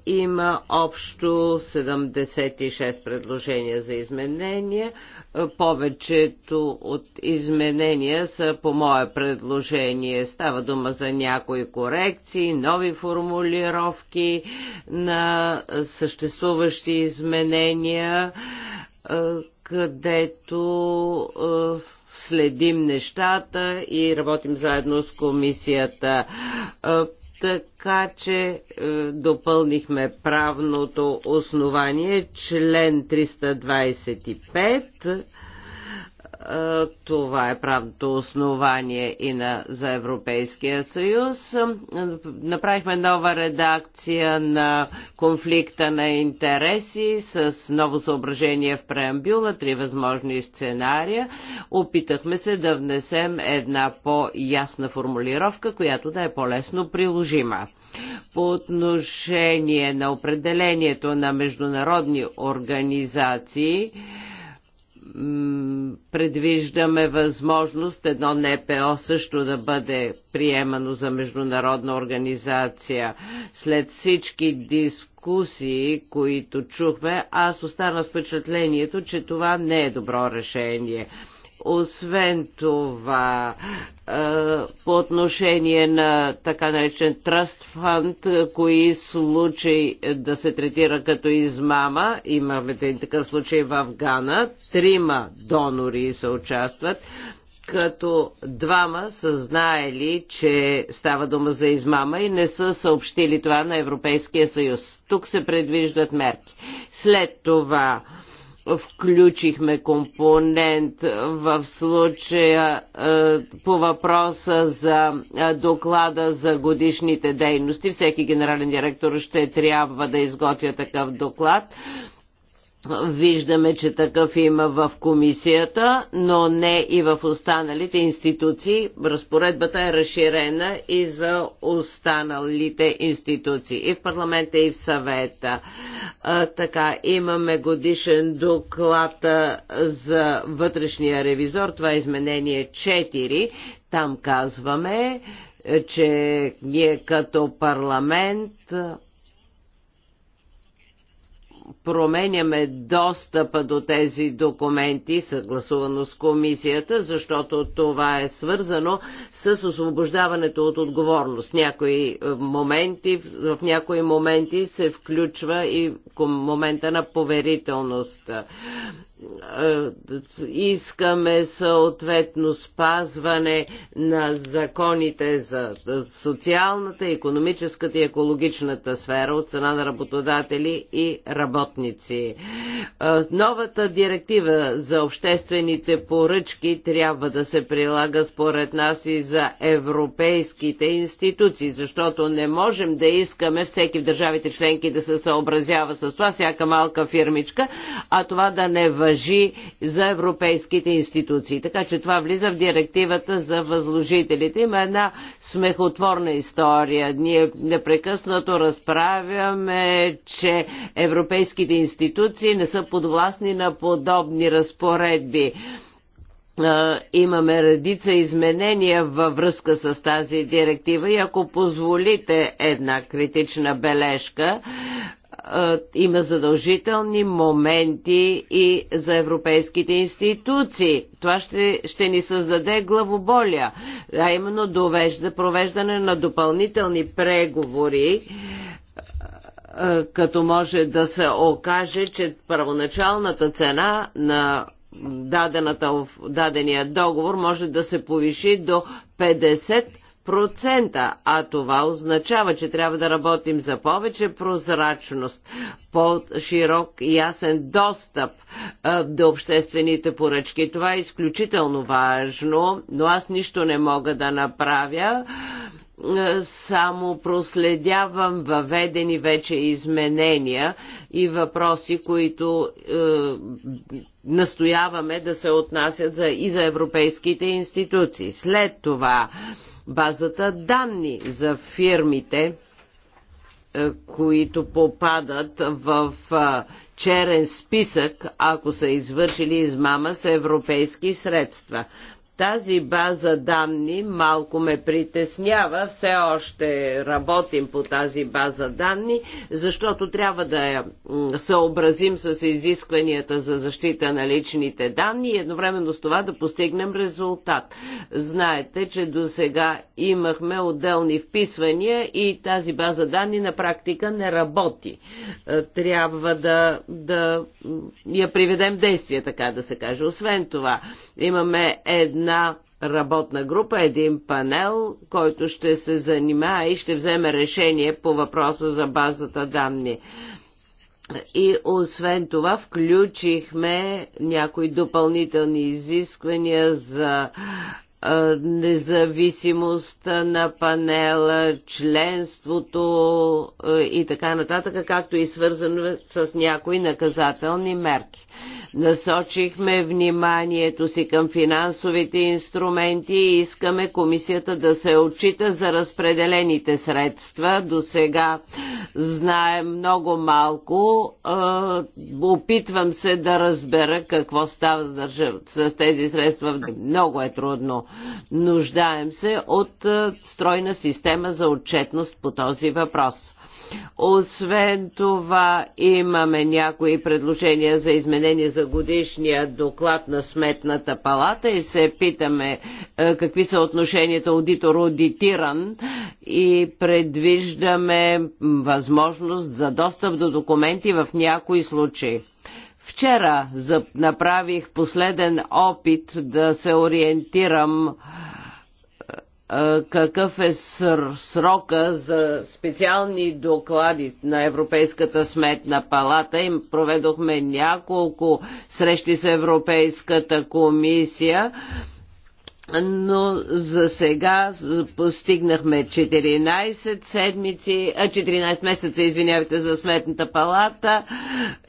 има общо 76 предложения за изменения. Е, повечето от изменения са по мое предложение. Става дума за някои корекции, нови формулировки на съществуващи изменения, е, където следим нещата и работим заедно с комисията така че е, допълнихме правното основание член 325 това е правното основание и на, за Европейския съюз. Направихме нова редакция на конфликта на интереси с ново съображение в преамбюла, три възможни сценария. Опитахме се да внесем една по-ясна формулировка, която да е по-лесно приложима. По отношение на определението на международни организации, предвиждаме възможност едно НПО също да бъде приемано за международна организация. След всички дискусии, които чухме, аз остана с впечатлението, че това не е добро решение. Освен това, по отношение на така наречен Trust Fund, кои случаи да се третира като измама, имаме такъв случай в Гана, трима донори се участват, като двама са знаели, че става дума за измама и не са съобщили това на Европейския съюз. Тук се предвиждат мерки. След това включихме компонент в случая е, по въпроса за е, доклада за годишните дейности. Всеки генерален директор ще трябва да изготвя такъв доклад. Виждаме, че такъв има в комисията, но не и в останалите институции. Разпоредбата е разширена и за останалите институции. И в парламента, и в съвета. А, така, имаме годишен доклад за вътрешния ревизор. Това е изменение 4. Там казваме, че ние като парламент променяме достъпа до тези документи, съгласувано с комисията, защото това е свързано с освобождаването от отговорност. Някои е, моменти, в някои моменти се включва и момента на поверителност. Е, искаме съответно спазване на законите за социалната, економическата и екологичната сфера от страна на работодатели и работници работници. Новата директива за обществените поръчки трябва да се прилага според нас и за европейските институции, защото не можем да искаме всеки в държавите членки да се съобразява с това, всяка малка фирмичка, а това да не въжи за европейските институции. Така че това влиза в директивата за възложителите. Има една смехотворна история. Ние непрекъснато разправяме, че европейски европейските институции не са подвластни на подобни разпоредби имаме редица изменения във връзка с тази директива и ако позволите една критична бележка, има задължителни моменти и за европейските институции. Това ще, ще ни създаде главоболя, а именно довежда провеждане на допълнителни преговори е, като може да се окаже, че първоначалната цена на дадената, дадения договор може да се повиши до 50 процента, а това означава, че трябва да работим за повече прозрачност, по-широк и ясен достъп а, е, до обществените поръчки. Това е изключително важно, но аз нищо не мога да направя. А, само проследявам въведени вече изменения и въпроси, които е, настояваме да се отнасят за, и за европейските институции. След това базата данни за фирмите, е, които попадат в е, черен списък, ако са извършили измама с европейски средства. Тази база данни малко ме притеснява. Все още работим по тази база данни, защото трябва да я съобразим с изискванията за защита на личните данни и едновременно с това да постигнем резултат. Знаете, че до сега имахме отделни вписвания и тази база данни на практика не работи. Е, трябва да, да я приведем действие, така да се каже. Освен това, имаме една една работна група, един панел, който ще се занимава и ще вземе решение по въпроса за базата данни. И освен това включихме някои допълнителни изисквания за независимостта на панела, членството и така нататък, както и свързано с някои наказателни мерки. Насочихме вниманието си към финансовите инструменти и искаме комисията да се отчита за разпределените средства. До сега знаем много малко. Опитвам се да разбера какво става с тези средства. Много е трудно. Нуждаем се от стройна система за отчетност по този въпрос. Освен това имаме някои предложения за изменение за годишния доклад на Сметната палата и се питаме какви са отношенията аудитор-аудитиран и предвиждаме възможност за достъп до документи в някои случаи. Вчера направих последен опит да се ориентирам какъв е срока за специални доклади на Европейската сметна палата. Им проведохме няколко срещи с Европейската комисия но за сега постигнахме 14 седмици, 14 месеца, извинявайте, за сметната палата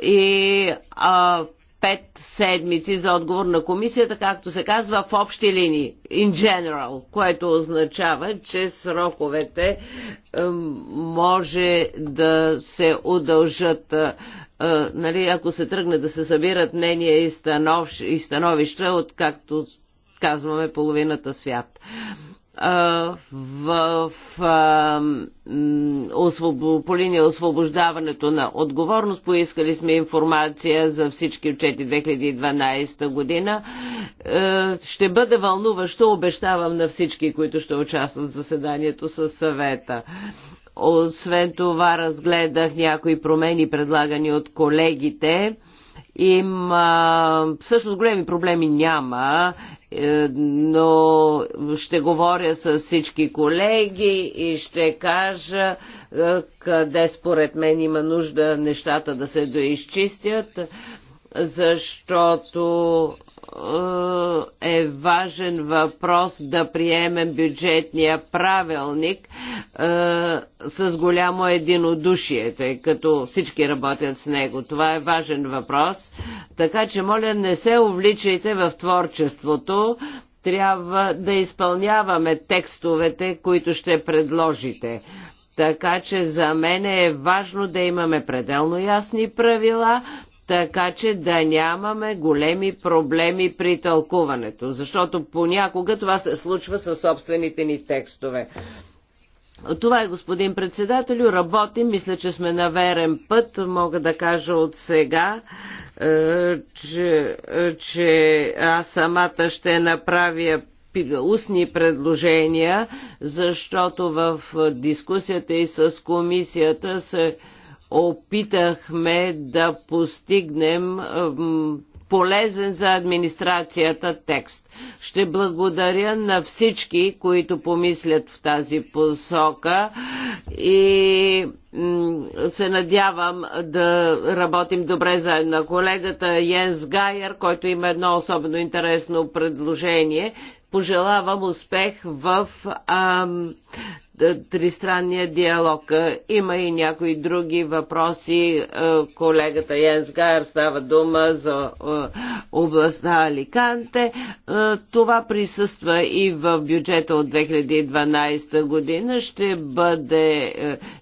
и а, 5 седмици за отговор на комисията, както се казва в общи линии, in general, което означава, че сроковете може да се удължат е, е, нали, ако се тръгне да се събират мнения и, станов, и становища, от както изказваме половината свят в, в освобо, по линия освобождаването на отговорност. Поискали сме информация за всички отчети 2012 година. Е, ще бъде вълнуващо, обещавам на всички, които ще участват в заседанието със съвета. Освен това разгледах някои промени, предлагани от колегите има, всъщност големи проблеми няма, е, но ще говоря с всички колеги и ще кажа е, къде според мен има нужда нещата да се доизчистят, защото е, е важен въпрос да приемем бюджетния правилник е, с голямо единодушие, тъй като всички работят с него. Това е важен въпрос. Така че, моля, не се увличайте в творчеството. Трябва да изпълняваме текстовете, които ще предложите. Така че за мен е важно да имаме пределно ясни правила, така че да нямаме големи проблеми при тълкуването, защото понякога това се случва със собствените ни текстове. Това е, господин председателю, работим, мисля, че сме на верен път, мога да кажа от сега, е, че, е, че аз самата ще направя устни предложения, защото в дискусията и с комисията се опитахме да постигнем полезен за администрацията текст. Ще благодаря на всички, които помислят в тази посока и се надявам да работим добре заедно. Колегата Йенс Гайер, който има едно особено интересно предложение, пожелавам успех в ам, тристранния диалог. Има и някои други въпроси. Е, колегата Йенс Гайер става дума за е, областта Аликанте. Е, това присъства и в бюджета от 2012 година. Ще бъде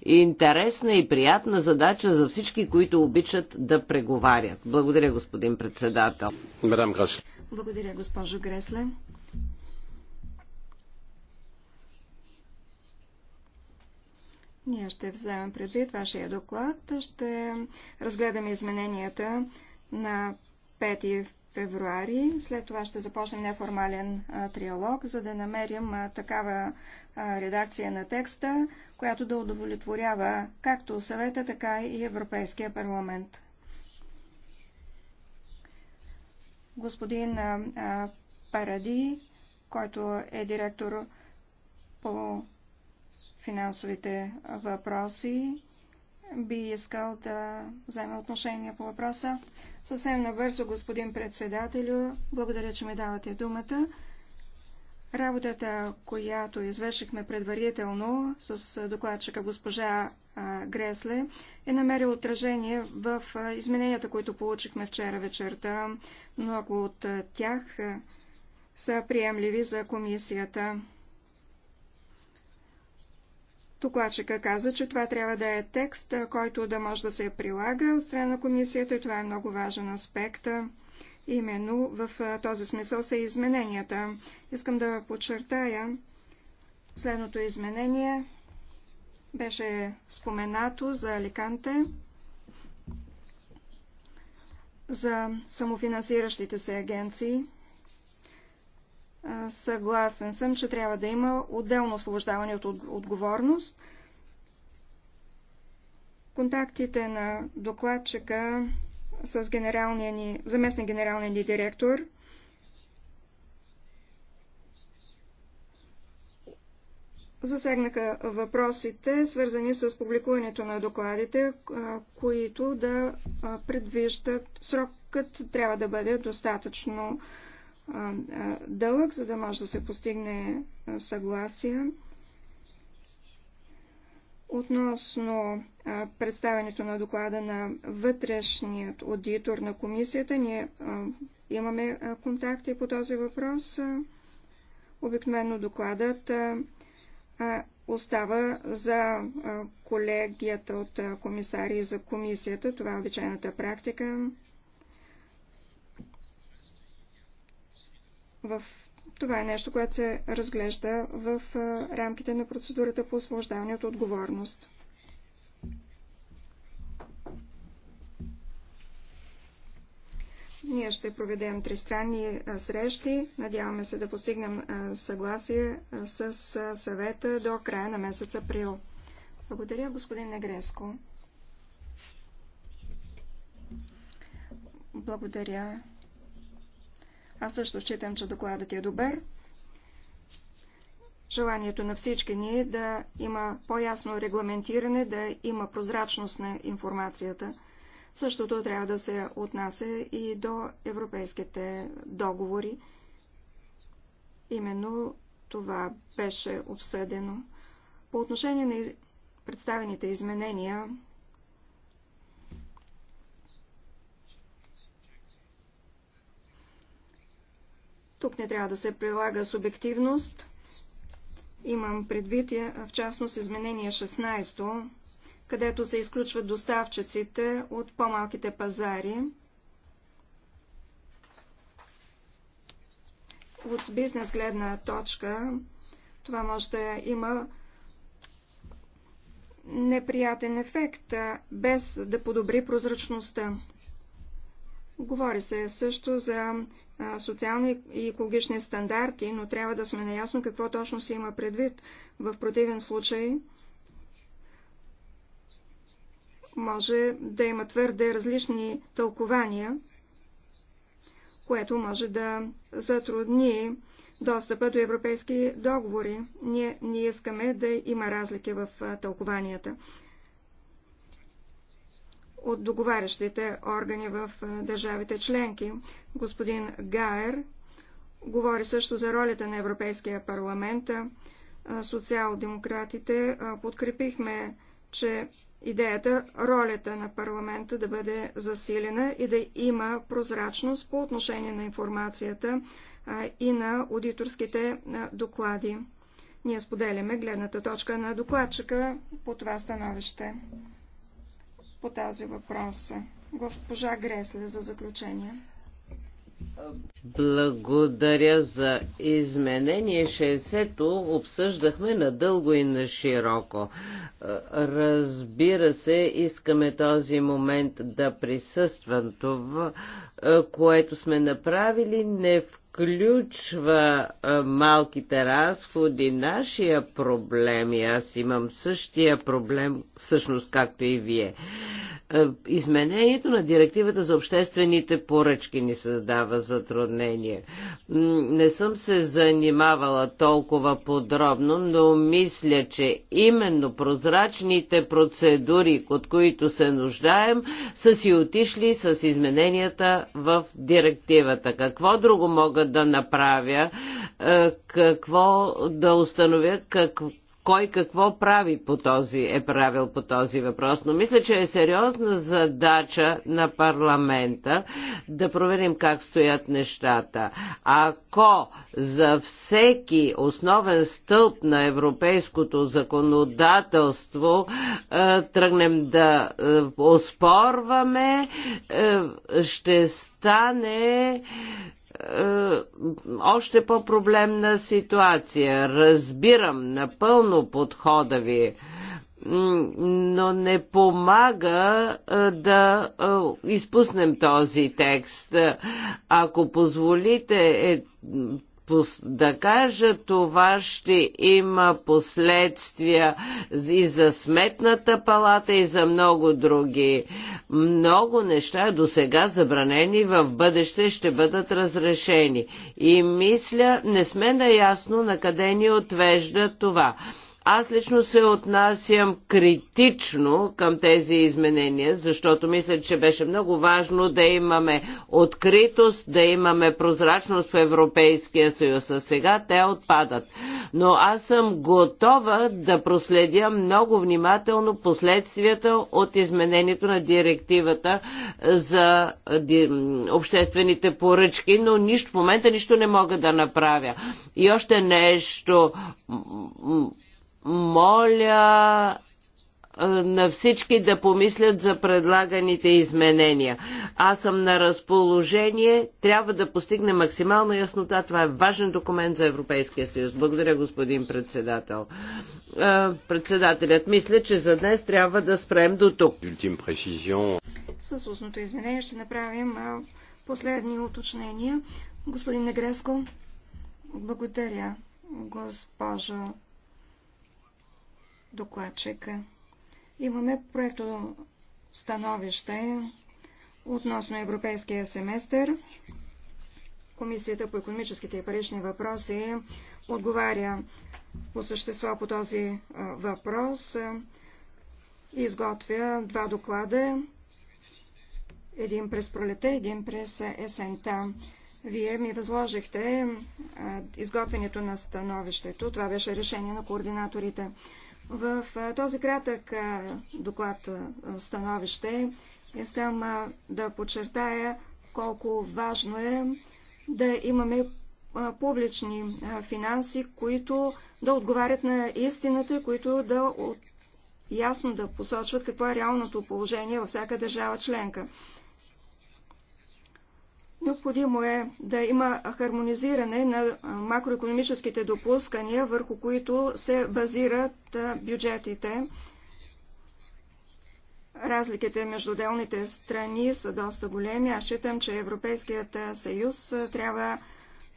интересна и приятна задача за всички, които обичат да преговарят. Благодаря, господин председател. Благодаря, госпожо Гресле. Ние ще вземем предвид вашия доклад. Ще разгледаме измененията на 5 февруари. След това ще започнем неформален триалог, за да намерим такава редакция на текста, която да удовлетворява както съвета, така и Европейския парламент. Господин Паради, който е директор по финансовите въпроси. Би искал да вземе отношение по въпроса. Съвсем набързо, господин председателю, благодаря, че ми давате думата. Работата, която извършихме предварително с докладчика госпожа Гресле, е намерила отражение в измененията, които получихме вчера вечерта. Много от тях са приемливи за комисията. Докладчика каза, че това трябва да е текст, който да може да се прилага от страна на комисията и това е много важен аспект. Именно в този смисъл са измененията. Искам да подчертая следното изменение. Беше споменато за Аликанте, за самофинансиращите се агенции. Съгласен съм, че трябва да има отделно освобождаване от отговорност. Контактите на докладчика с генералния ни, заместник генералния ни директор засегнаха въпросите, свързани с публикуването на докладите, които да предвиждат срокът трябва да бъде достатъчно дълъг, за да може да се постигне съгласие относно представянето на доклада на вътрешният аудитор на комисията. Ние имаме контакти по този въпрос. Обикновено докладът остава за колегията от комисари и за комисията. Това е обичайната практика. в това е нещо, което се разглежда в рамките на процедурата по освобождаване от отговорност. Ние ще проведем тристранни срещи. Надяваме се да постигнем съгласие с съвета до края на месец април. Благодаря, господин Негреско. Благодаря, аз също считам, че докладът е добър. Желанието на всички ни е да има по-ясно регламентиране, да има прозрачност на информацията. Същото трябва да се отнася и до европейските договори. Именно това беше обсъдено. По отношение на представените изменения, Тук не трябва да се прилага субективност. Имам предвид е, в частност изменение 16, където се изключват доставчиците от по-малките пазари. От бизнес гледна точка това може да има неприятен ефект, без да подобри прозрачността. Говори се също за социални и екологични стандарти, но трябва да сме наясно какво точно се има предвид. В противен случай може да има твърде различни тълкования, което може да затрудни достъпа до европейски договори. Ние, ние искаме да има разлики в тълкованията от договарящите органи в държавите членки. Господин Гайер говори също за ролята на Европейския парламент. Социал-демократите подкрепихме, че идеята ролята на парламента да бъде засилена и да има прозрачност по отношение на информацията и на аудиторските доклади. Ние споделяме гледната точка на докладчика по това становище по тази въпрос. Госпожа Гресле за заключение. Благодаря за изменение 60-то. Обсъждахме надълго и на широко. Разбира се, искаме този момент да присъствам. Това, което сме направили, не в включва а, малките разходи, нашия проблем, и аз имам същия проблем, всъщност както и вие. Изменението на директивата за обществените поръчки ни създава затруднение. Не съм се занимавала толкова подробно, но мисля, че именно прозрачните процедури, от които се нуждаем, са си отишли с измененията в директивата. Какво друго мога да направя, е, какво да установя, как, кой какво прави по този, е правил по този въпрос. Но мисля, че е сериозна задача на парламента да проверим как стоят нещата. Ако за всеки основен стълб на европейското законодателство е, тръгнем да е, оспорваме, е, ще стане е, още по-проблемна ситуация. Разбирам напълно подхода ви но не помага е, да е, изпуснем този текст. Ако позволите, е, да кажа, това ще има последствия и за сметната палата, и за много други. Много неща до сега забранени в бъдеще ще бъдат разрешени. И мисля, не сме наясно на къде ни отвежда това. Аз лично се отнасям критично към тези изменения, защото мисля, че беше много важно да имаме откритост, да имаме прозрачност в Европейския съюз. А сега те отпадат. Но аз съм готова да проследя много внимателно последствията от изменението на директивата за обществените поръчки, но нищо, в момента нищо не мога да направя. И още нещо моля на всички да помислят за предлаганите изменения. Аз съм на разположение. Трябва да постигне максимална яснота. Това е важен документ за Европейския съюз. Благодаря, господин председател. Председателят, мисля, че за днес трябва да спрем до тук. С устното изменение ще направим последни уточнения. Господин Негреско, благодаря, госпожо докладчика. Имаме проекто становище относно европейския семестър. Комисията по економическите и парични въпроси отговаря по същество по този въпрос и изготвя два доклада. Един през пролете, един през есента. Вие ми възложихте изготвянето на становището. Това беше решение на координаторите. В този кратък доклад становище искам да подчертая колко важно е да имаме публични финанси, които да отговарят на истината, които да ясно да посочват какво е реалното положение във всяка държава членка. Необходимо е да има хармонизиране на макроекономическите допускания, върху които се базират бюджетите. Разликите между отделните страни са доста големи. Аз считам, че Европейският съюз трябва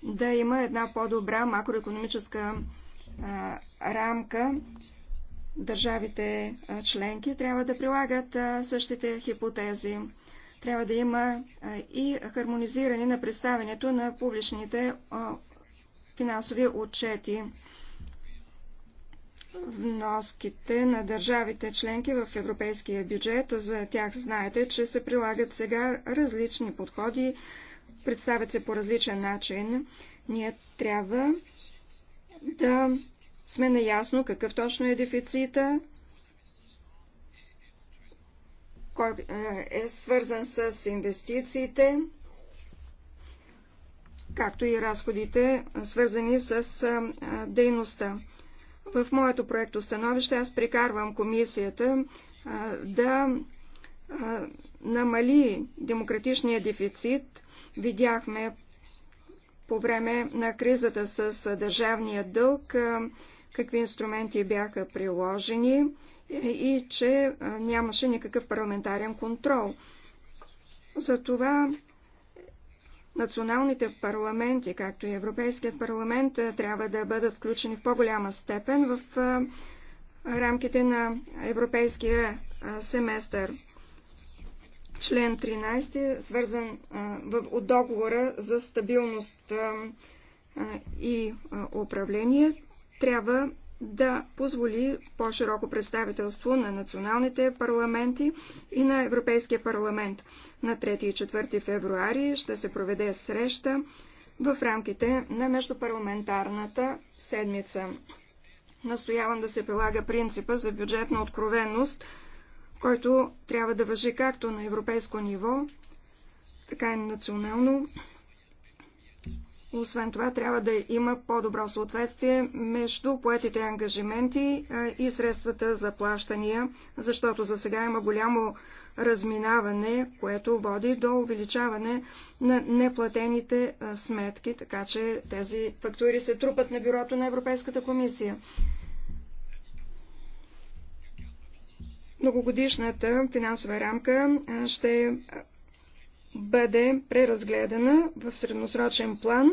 да има една по-добра макроекономическа рамка. Държавите членки трябва да прилагат същите хипотези. Трябва да има и хармонизиране на представянето на публичните финансови отчети. Вноските на държавите членки в европейския бюджет, за тях знаете, че се прилагат сега различни подходи, представят се по различен начин. Ние трябва да сме наясно какъв точно е дефицита, който е, е свързан с инвестициите, както и разходите, е, свързани с е, дейността. В моето проекто становище аз прикарвам комисията да намали демократичния дефицит. Видяхме по време на кризата с държавния дълг какви инструменти бяха приложени и че нямаше никакъв парламентарен контрол. Затова националните парламенти, както и Европейският парламент, трябва да бъдат включени в по-голяма степен в рамките на европейския семестър. Член 13, свързан от договора за стабилност и управление, трябва да позволи по-широко представителство на националните парламенти и на Европейския парламент. На 3 и 4 февруари ще се проведе среща в рамките на Междупарламентарната седмица. Настоявам да се прилага принципа за бюджетна откровенност, който трябва да въжи както на европейско ниво, така и на национално освен това, трябва да има по-добро съответствие между поетите ангажименти и средствата за плащания, защото за сега има голямо разминаване, което води до увеличаване на неплатените сметки, така че тези фактури се трупат на бюрото на Европейската комисия. Многогодишната финансова рамка ще бъде преразгледана в средносрочен план.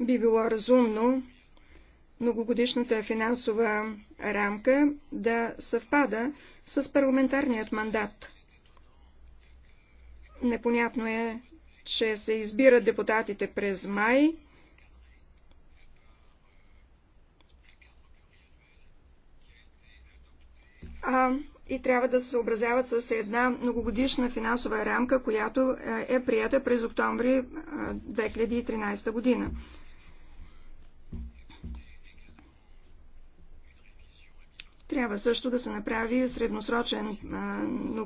Би било разумно многогодишната финансова рамка да съвпада с парламентарният мандат. Непонятно е, че се избират депутатите през май. А и трябва да се съобразяват с една многогодишна финансова рамка, която е, е прията през октомври 2013 година. Трябва също да се направи средносрочено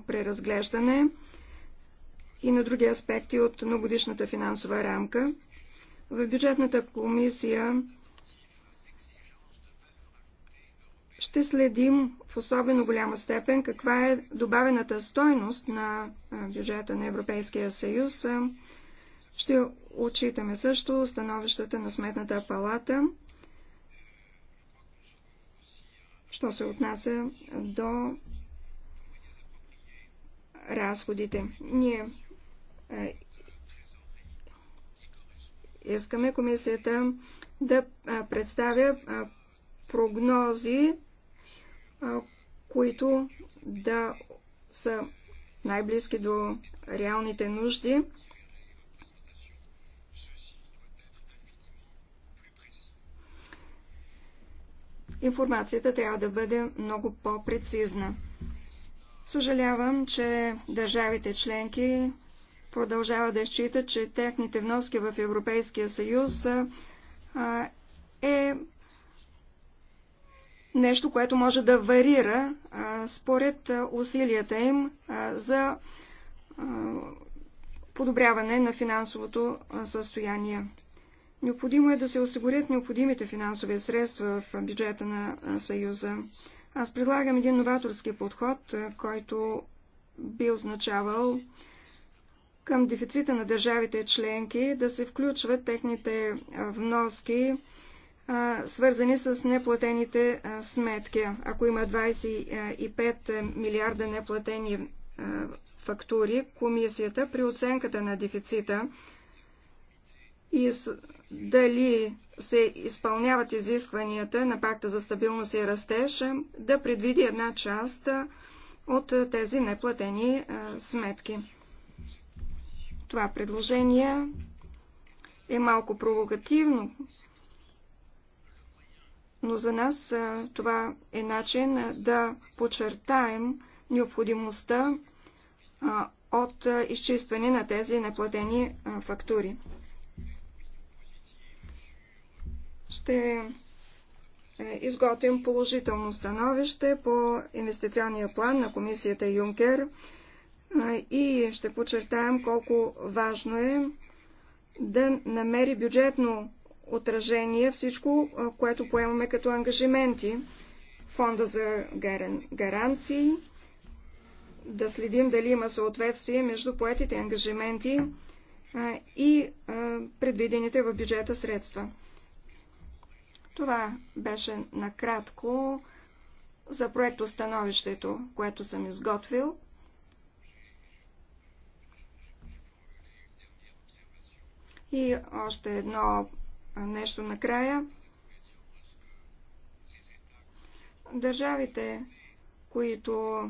преразглеждане и на други аспекти от многодишната финансова рамка. В бюджетната комисия ще следим в особено голяма степен каква е добавената стойност на бюджета на Европейския съюз. Ще отчитаме също становищата на Сметната палата, що се отнася до разходите. Ние искаме комисията да представя прогнози които да са най-близки до реалните нужди. Информацията трябва да бъде много по-прецизна. Съжалявам, че държавите членки продължават да считат, че техните вноски в Европейския съюз е нещо, което може да варира а, според усилията им а, за а, подобряване на финансовото състояние. Необходимо е да се осигурят необходимите финансови средства в бюджета на Съюза. Аз предлагам един новаторски подход, който би означавал към дефицита на държавите членки да се включват техните вноски свързани с неплатените сметки. Ако има 25 милиарда неплатени фактури, комисията при оценката на дефицита и дали се изпълняват изискванията на пакта за стабилност и растеж, да предвиди една част от тези неплатени сметки. Това предложение е малко провокативно, но за нас това е начин да подчертаем необходимостта от изчистване на тези неплатени фактури. Ще е, изготвим положително становище по инвестиционния план на комисията Юнкер и ще подчертаем колко важно е да намери бюджетно отражение всичко, което поемаме като ангажименти. Фонда за гаранции, да следим дали има съответствие между поетите ангажименти и предвидените в бюджета средства. Това беше накратко за проектостановището, което съм изготвил. И още едно нещо накрая. Държавите, които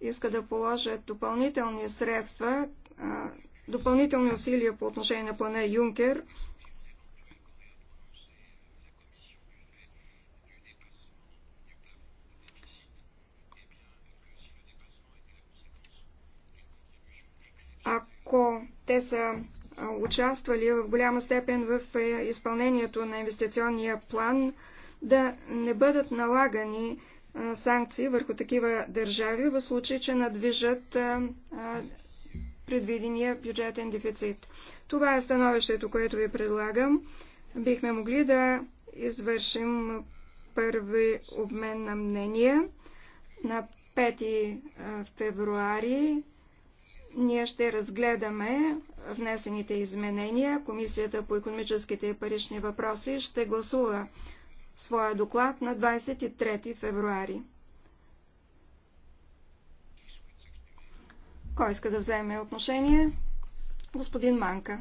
искат да положат допълнителни средства, допълнителни усилия по отношение на плана Юнкер, ако те са участвали в голяма степен в е, изпълнението на инвестиционния план, да не бъдат налагани е, санкции върху такива държави в случай, че надвижат е, предвидения бюджетен дефицит. Това е становището, което ви предлагам. Бихме могли да извършим първи обмен на мнения на 5 февруари ние ще разгледаме внесените изменения. Комисията по економическите и парични въпроси ще гласува своя доклад на 23 февруари. Кой иска да вземе отношение? Господин Манка.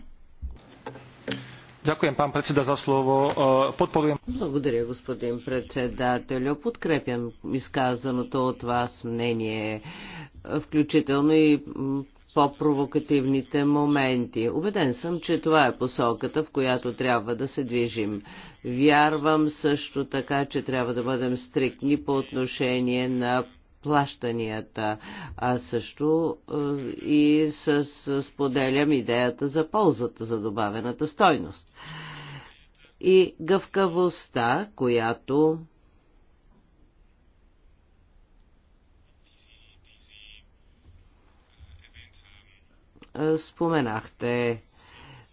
Дякуем, пан председа, за слово. Е, Подпоруем. Благодаря, господин председател. Подкрепям изказаното от вас мнение, включително и по-провокативните моменти. Убеден съм, че това е посоката, в която трябва да се движим. Вярвам също така, че трябва да бъдем стриктни по отношение на плащанията, а също е, и с, споделям идеята за ползата, за добавената стойност. И гъвкавостта, която Е, споменахте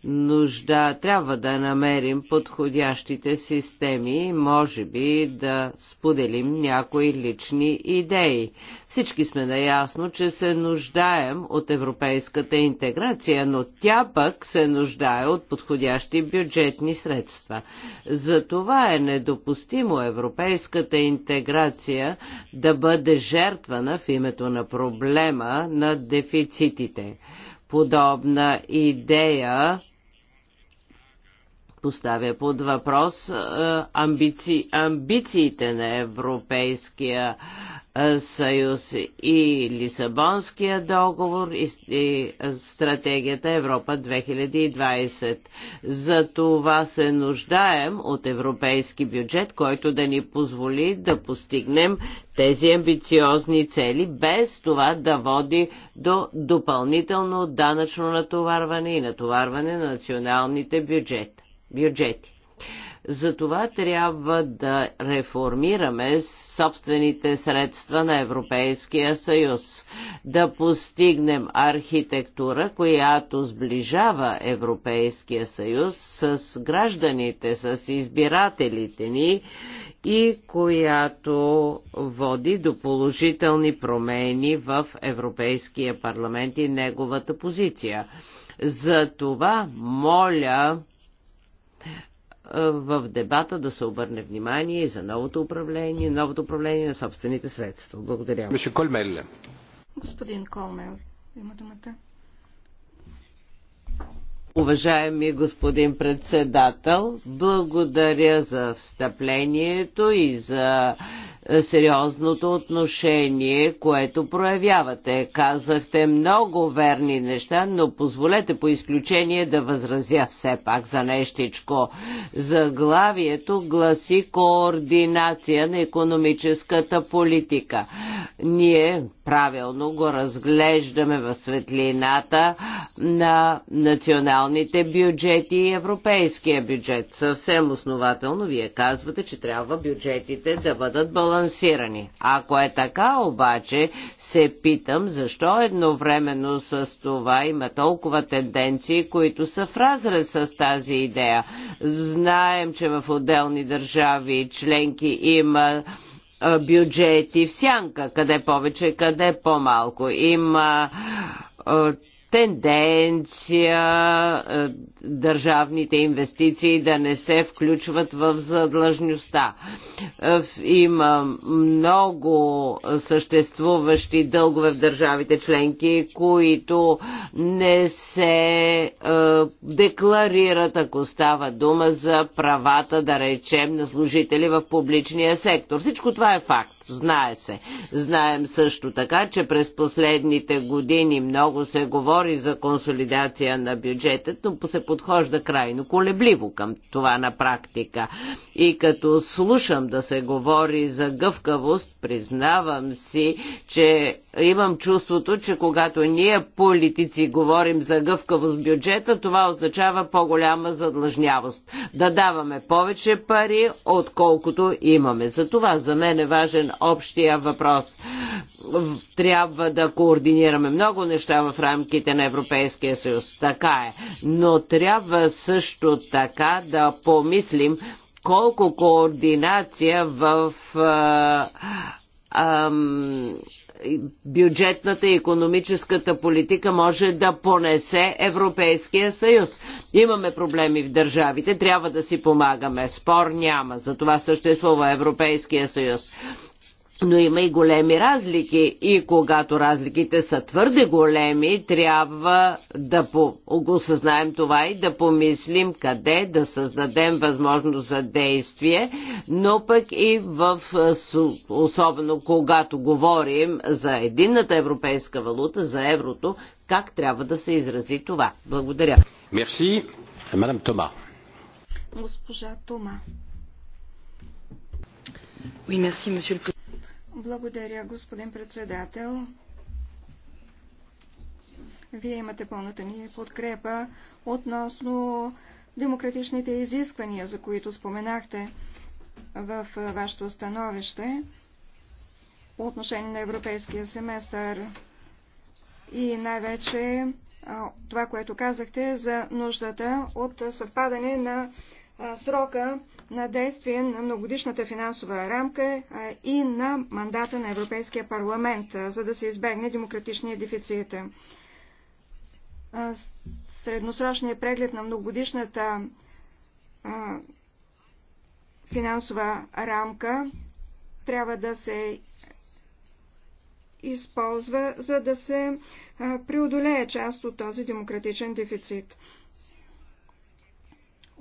нужда, трябва да намерим подходящите системи, може би да споделим някои лични идеи. Всички сме наясно, че се нуждаем от европейската интеграция, но тя пък се нуждае от подходящи бюджетни средства. Затова е недопустимо европейската интеграция да бъде жертвана в името на проблема на дефицитите подобна идея поставя под въпрос амбици, амбициите на Европейския съюз и Лисабонския договор и, и стратегията Европа 2020. За това се нуждаем от европейски бюджет, който да ни позволи да постигнем тези амбициозни цели, без това да води до допълнително данъчно натоварване и натоварване на националните бюджети бюджети. Затова трябва да реформираме собствените средства на Европейския съюз, да постигнем архитектура, която сближава Европейския съюз с гражданите, с избирателите ни и която води до положителни промени в Европейския парламент и неговата позиция. За това моля е, в дебата да се обърне внимание и за новото управление, новото управление на собствените средства. Благодаря. Господин Колмел, има думата. Уважаеми господин председател, благодаря за встъплението и за сериозното отношение, което проявявате. Казахте много верни неща, но позволете по изключение да възразя все пак за нещичко. Заглавието гласи координация на економическата политика. Ние правилно го разглеждаме в светлината на националните бюджети и европейския бюджет. Съвсем основателно вие казвате, че трябва бюджетите да бъдат балансирани балансирани. Ако е така, обаче се питам защо едновременно с това има толкова тенденции, които са в разрез с тази идея. Знаем, че в отделни държави членки има бюджети в сянка, къде повече, къде по-малко. Има тенденция е, държавните инвестиции да не се включват в задлъжността. Е, има много съществуващи дългове в държавите членки, които не се е, декларират, ако става дума за правата, да речем, на служители в публичния сектор. Всичко това е факт, знае се. Знаем също така, че през последните години много се говори говори за консолидация на бюджета, но се подхожда крайно колебливо към това на практика. И като слушам да се говори за гъвкавост, признавам си, че имам чувството, че когато ние политици говорим за гъвкавост бюджета, това означава по-голяма задлъжнявост. Да даваме повече пари, отколкото имаме. За това за мен е важен общия въпрос. Трябва да координираме много неща в рамките рамките на Европейския съюз. Така е. Но трябва също така да помислим колко координация в а, а, бюджетната и економическата политика може да понесе Европейския съюз. Имаме проблеми в държавите, трябва да си помагаме. Спор няма, за това съществува Европейския съюз. Но има и големи разлики и когато разликите са твърде големи, трябва да го осъзнаем това и да помислим къде да създадем възможност за действие, но пък и в, особено когато говорим за единната европейска валута, за еврото, как трябва да се изрази това. Благодаря. Мерси, мадам Тома. Госпожа Тома. Oui, merci, monsieur le président. Благодаря, господин председател. Вие имате пълната ни подкрепа относно демократичните изисквания, за които споменахте в вашето становище по отношение на европейския семестър и най-вече това, което казахте за нуждата от съвпадане на срока на действие на многодишната финансова рамка и на мандата на Европейския парламент, за да се избегне демократичния дефицит. Средносрочният преглед на многодишната финансова рамка трябва да се използва, за да се преодолее част от този демократичен дефицит.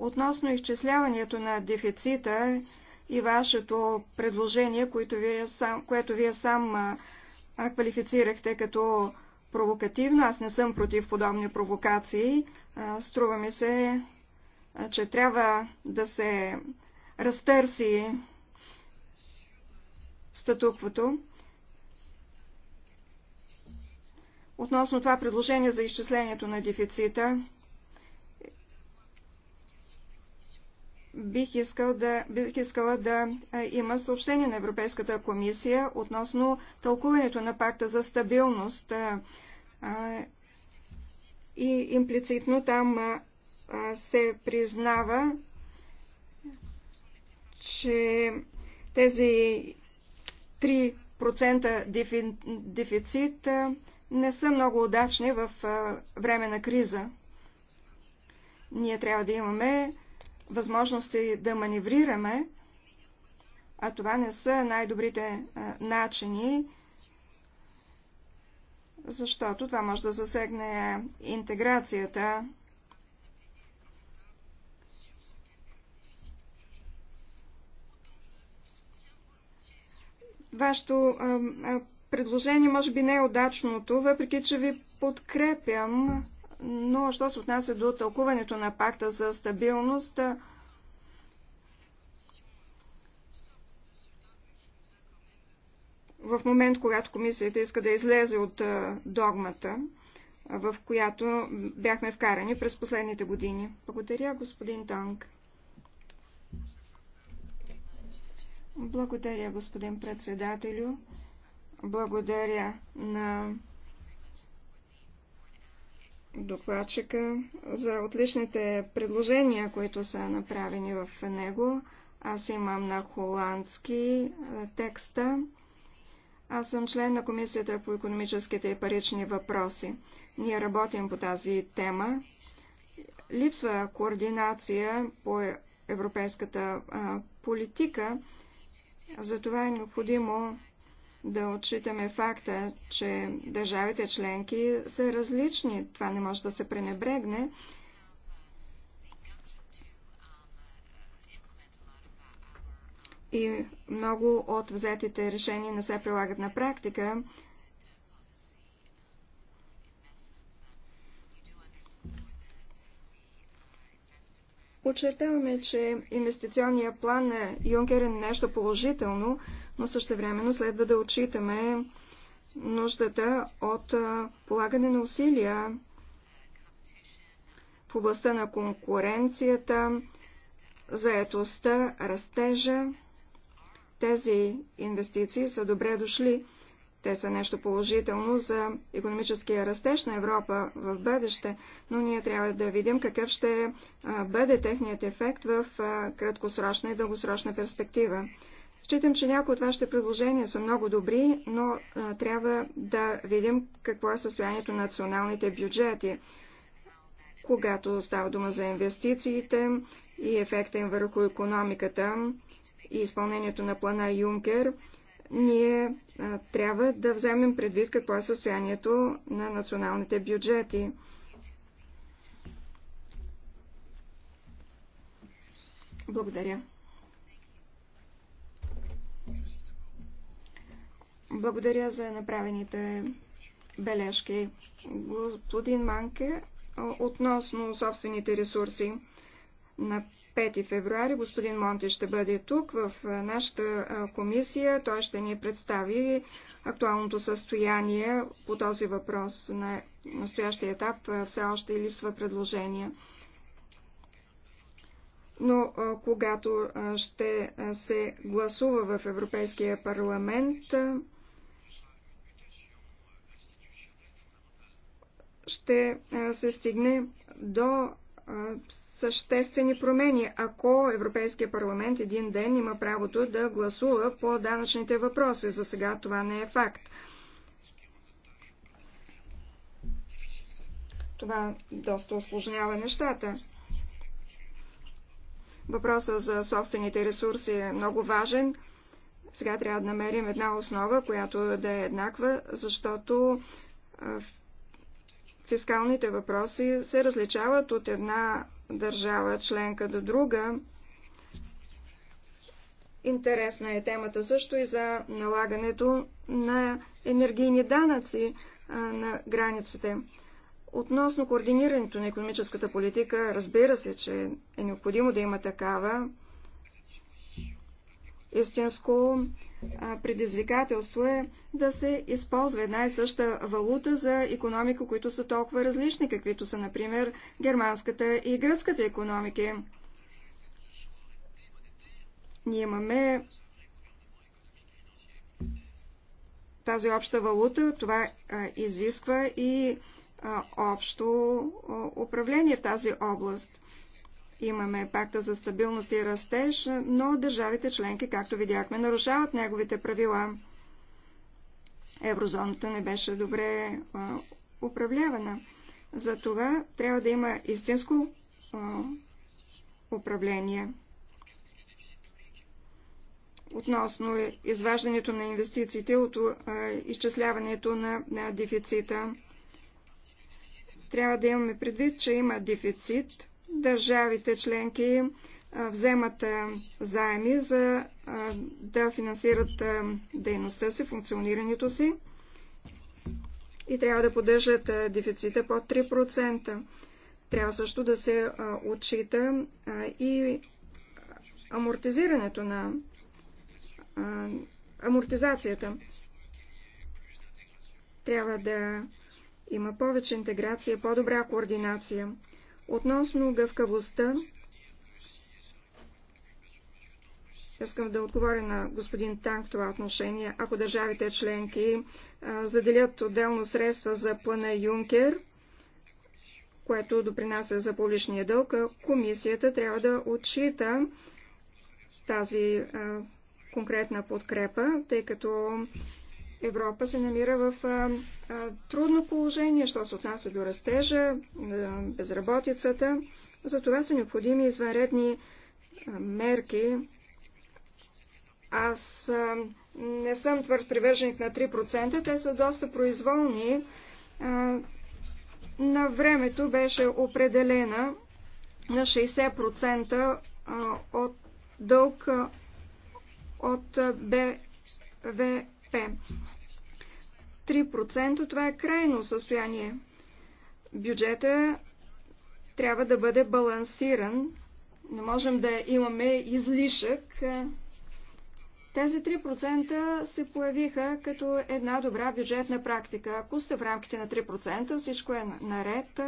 Относно изчисляването на дефицита и вашето предложение, което вие сам, което вие сам а, квалифицирахте като провокативно, аз не съм против подобни провокации, а, струва ми се, а, че трябва да се разтърси статуквото. Относно това предложение за изчислението на дефицита, бих, искал да, бих искала да има съобщение на Европейската комисия относно тълкуването на пакта за стабилност и имплицитно там се признава, че тези 3% дефицит не са много удачни в време на криза. Ние трябва да имаме възможности да маневрираме, а това не са най-добрите е, начини, защото това може да засегне интеграцията. Вашето е, е, предложение може би не е удачното, въпреки че ви подкрепям но що се отнася до тълкуването на пакта за стабилност, в момент, когато комисията иска да излезе от догмата, в която бяхме вкарани през последните години. Благодаря, господин Танк. Благодаря, господин председателю. Благодаря на докладчика за отличните предложения, които са направени в него. Аз имам на холандски текста. Аз съм член на Комисията по економическите и парични въпроси. Ние работим по тази тема. Липсва координация по европейската политика. Затова е необходимо да отчитаме факта, че държавите членки са различни. Това не може да се пренебрегне. И много от взетите решения не се прилагат на практика. Очертаваме, че инвестиционния план на Юнкер е нещо положително, но също времено следва да отчитаме нуждата от полагане на усилия в областта на конкуренцията, заетостта, растежа. Тези инвестиции са добре дошли. Те са нещо положително за економическия растеж на Европа в бъдеще, но ние трябва да видим какъв ще бъде техният ефект в краткосрочна и дългосрочна перспектива. Считам, че някои от вашите предложения са много добри, но а, трябва да видим какво е състоянието на националните бюджети, когато става дума за инвестициите и ефекта им върху економиката и изпълнението на плана Юнкер. Ние а, трябва да вземем предвид какво е състоянието на националните бюджети. Благодаря. Благодаря за направените бележки. Господин Манке, относно собствените ресурси на 5 февруари господин Монти ще бъде тук в нашата комисия. Той ще ни представи актуалното състояние по този въпрос. На настоящия етап все още липсва предложение. Но когато ще се гласува в Европейския парламент, ще се стигне до съществени промени, ако Европейския парламент един ден има правото да гласува по данъчните въпроси. За сега това не е факт. Това доста осложнява нещата. Въпросът за собствените ресурси е много важен. Сега трябва да намерим една основа, която да е еднаква, защото фискалните въпроси се различават от една държава членка до друга. Интересна е темата също и за налагането на енергийни данъци на границите. Относно координирането на економическата политика, разбира се, че е необходимо да има такава истинско предизвикателство е да се използва една и съща валута за економика, които са толкова различни, каквито са, например, германската и гръцката економики. Ние имаме тази обща валута, това изисква и общо управление в тази област. Имаме пакта за стабилност и растеж, но държавите членки, както видяхме, нарушават неговите правила. Еврозоната не беше добре управлявана. управлявана. Затова трябва да има истинско управление. Относно изваждането на инвестициите от изчисляването на дефицита, трябва да имаме предвид, че има дефицит – държавите членки вземат заеми за да финансират дейността си, функционирането си и трябва да поддържат дефицита под 3%. Трябва също да се отчита и амортизирането на амортизацията. Трябва да има повече интеграция, по-добра координация. Относно гъвкавостта, искам да отговоря на господин Танк това отношение. Ако държавите членки заделят отделно средства за плана Юнкер, което допринася за публичния дълг, комисията трябва да отчита тази конкретна подкрепа, тъй като Европа се намира в а, а, трудно положение, що се отнася до растежа, а, безработицата. За това са необходими извънредни а, мерки. Аз а, не съм твърд привърженик на 3%, те са доста произволни. А, на времето беше определена на 60% от дълг от БВП. 3% това е крайно състояние. Бюджета трябва да бъде балансиран. Не можем да имаме излишък. Тези 3% се появиха като една добра бюджетна практика. Ако сте в рамките на 3%, всичко е наред.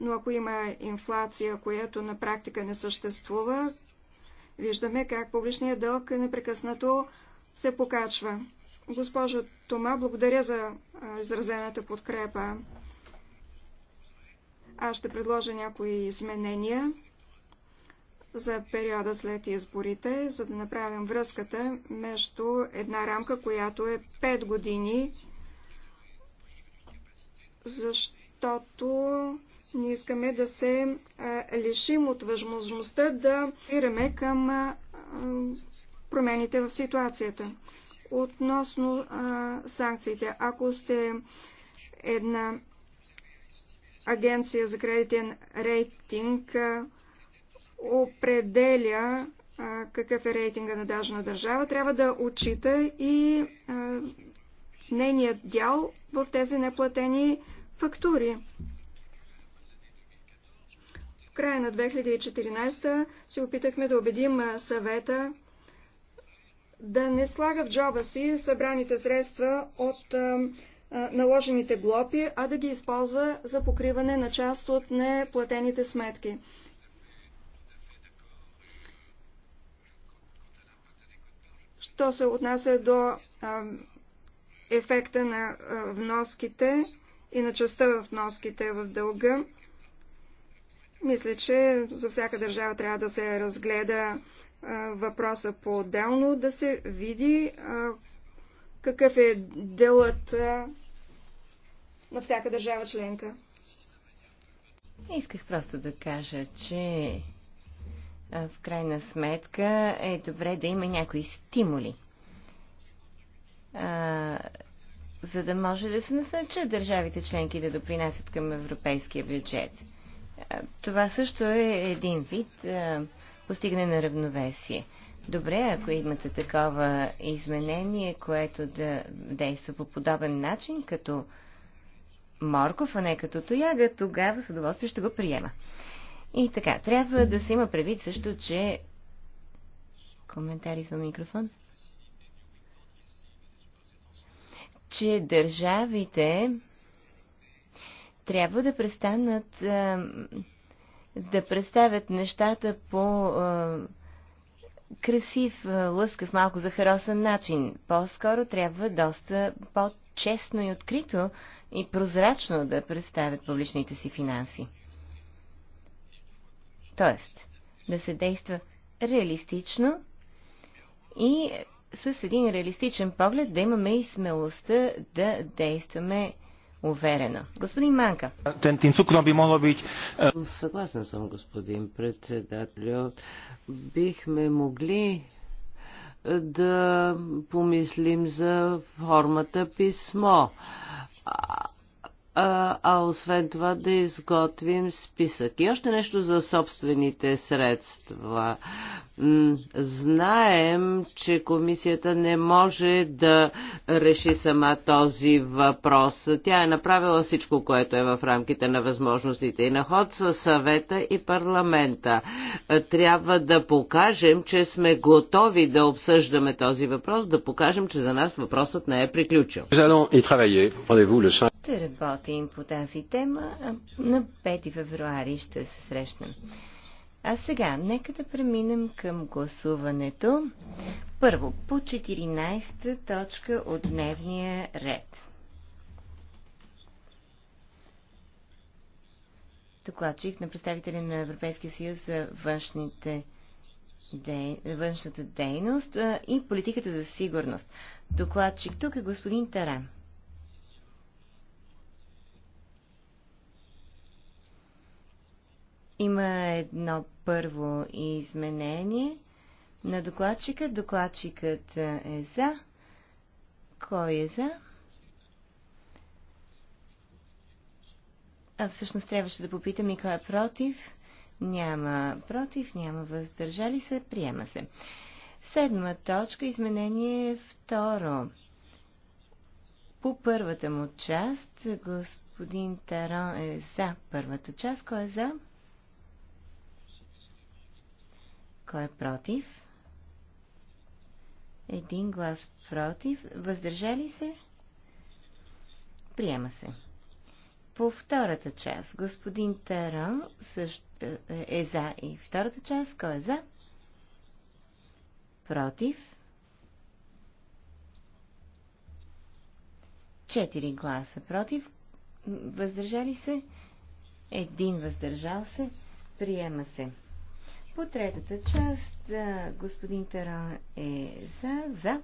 Но ако има инфлация, която на практика не съществува, виждаме как публичният дълг непрекъснато се покачва. Госпожо Тома, благодаря за изразената подкрепа. Аз ще предложа някои изменения за периода след изборите, за да направим връзката между една рамка, която е 5 години, защото ние искаме да се лишим от възможността да фираме към промените в ситуацията. Относно а, санкциите, ако сте една агенция за кредитен рейтинг, а, определя а, какъв е рейтинга на дажна държава, трябва да отчита и а, нейният дял в тези неплатени фактури. В края на 2014 се опитахме да убедим съвета да не слага в джоба си събраните средства от наложените глоби, а да ги използва за покриване на част от неплатените сметки. Що се отнася до ефекта на вноските и на частта в вноските в дълга, мисля, че за всяка държава трябва да се разгледа въпроса по-отделно, да се види какъв е делът на всяка държава членка. Исках просто да кажа, че в крайна сметка е добре да има някои стимули, а, за да може да се насърчат държавите членки да допринасят към европейския бюджет. А, това също е един вид а, постигане на равновесие. Добре, ако имате такова изменение, което да действа по подобен начин, като морков, а не като тояга, тогава с удоволствие ще го приема. И така, трябва да се има предвид също, че... Коментари за микрофон? Че държавите трябва да престанат... А да представят нещата по а, красив, лъскав, малко захаросан начин. По-скоро трябва доста по-честно и открито и прозрачно да представят публичните си финанси. Тоест, да се действа реалистично и с един реалистичен поглед да имаме и смелостта да действаме уверена. Господин Манка. E, Съгласен съм, господин председател. Бихме могли е, да помислим за формата писмо а, освен това да изготвим списък. И още нещо за собствените средства. Знаем, че комисията не може да реши сама този въпрос. Тя е направила всичко, което е в рамките на възможностите и на ход с съвета и парламента. Трябва да покажем, че сме готови да обсъждаме този въпрос, да покажем, че за нас въпросът не е приключил. Ще работим работа им по тази тема. На 5 февруари ще се срещнем. А сега, нека да преминем към гласуването. Първо, по 14-та точка от дневния ред. Докладчик на представителя на Европейския съюз за външните дей... външната дейност и политиката за сигурност. Докладчик тук е господин Таран. Има едно първо изменение на докладчика. Докладчикът е за. Кой е за? А всъщност трябваше да попитам и кой е против. Няма против, няма въздържали се, приема се. Седма точка, изменение второ. По първата му част, господин Тарон е за първата част. Кой е за? Кой е против? Един глас против. Въздържали се? Приема се. По втората част, господин Таран също е, е за и втората част. Кой е за? Против. Четири гласа против. Въздържали се? Един въздържал се. Приема се. По третата част господин Таран е за, за,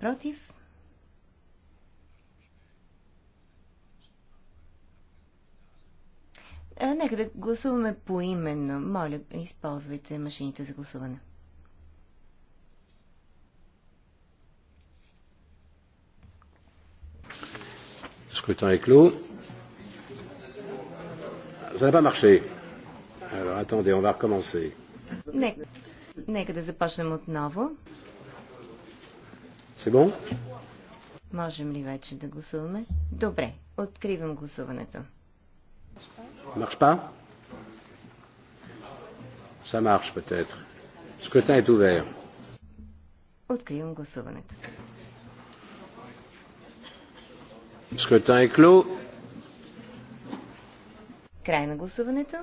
против. А, нека да гласуваме поименно. Моля, използвайте машините за гласуване. Scrutin est clos. Ça n'a pas marché. Alors attendez, on va recommencer. Нека, нека да започнем отново. Сегон? Можем ли вече да гласуваме? Добре, откривам гласуването. Марш па? Ça marche peut-être. Scrutin Откривам гласуването. Scrutin е clos. Край на гласуването.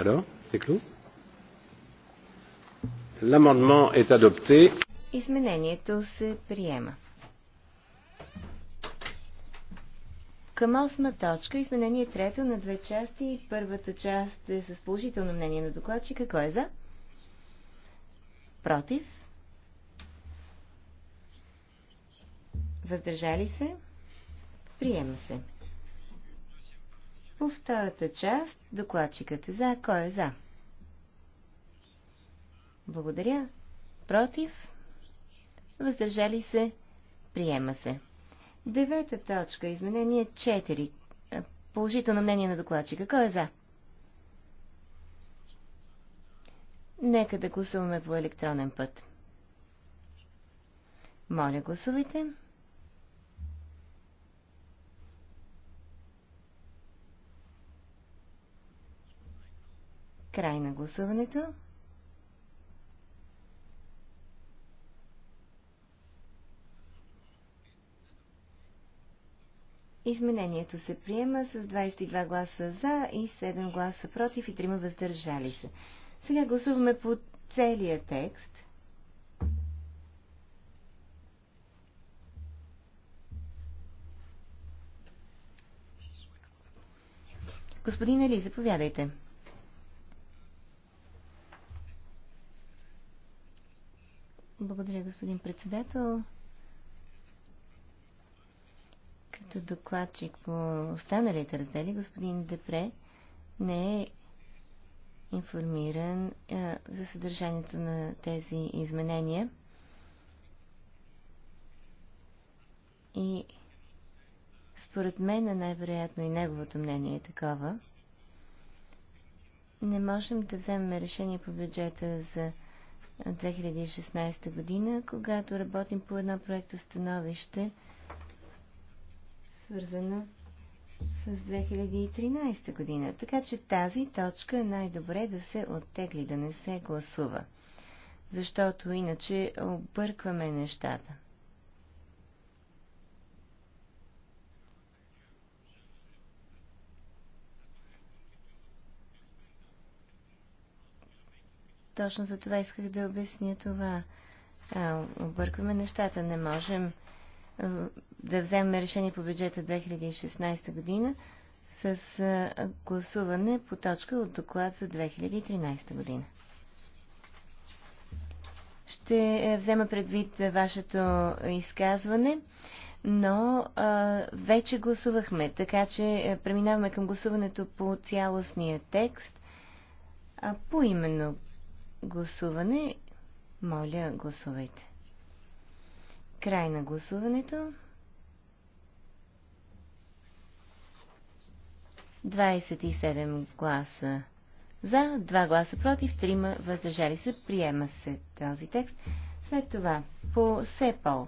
Alors, c'est clos L'amendement est adopté. Изменението се приема. Към осма точка, изменение трето на две части. Първата част е с положително мнение на докладчика. Кой е за? Против? Въздържали се? Приема се. По втората част докладчикът е за. Кой е за? Благодаря. Против? Въздържали се? Приема се. Девета точка. Изменение 4. Е, положително мнение на докладчика. Кой е за? Нека да гласуваме по електронен път. Моля, гласувайте. Край на гласуването. Изменението се приема с 22 гласа за и 7 гласа против и 3 въздържали се. Сега гласуваме по целия текст. Господин Ели, заповядайте. Благодаря, господин председател. Като докладчик по останалите раздели, господин Депре не е информиран а, за съдържанието на тези изменения. И според мен най-вероятно и неговото мнение е такова. Не можем да вземем решение по бюджета за 2016 година, когато работим по едно проекто становище, свързано с 2013 година. Така че тази точка е най-добре да се оттегли, да не се гласува. Защото иначе объркваме нещата. Точно за това исках да обясня това. А, объркваме нещата. Не можем да вземем решение по бюджета 2016 година с гласуване по точка от доклад за 2013 година. Ще е, взема предвид вашето изказване, но а, вече гласувахме, така че е, преминаваме към гласуването по цялостния текст. А поименно гласуване. Моля, гласувайте. Край на гласуването. 27 гласа за, 2 гласа против, 3 въздържали се. Приема се този текст. След това по СЕПОЛ.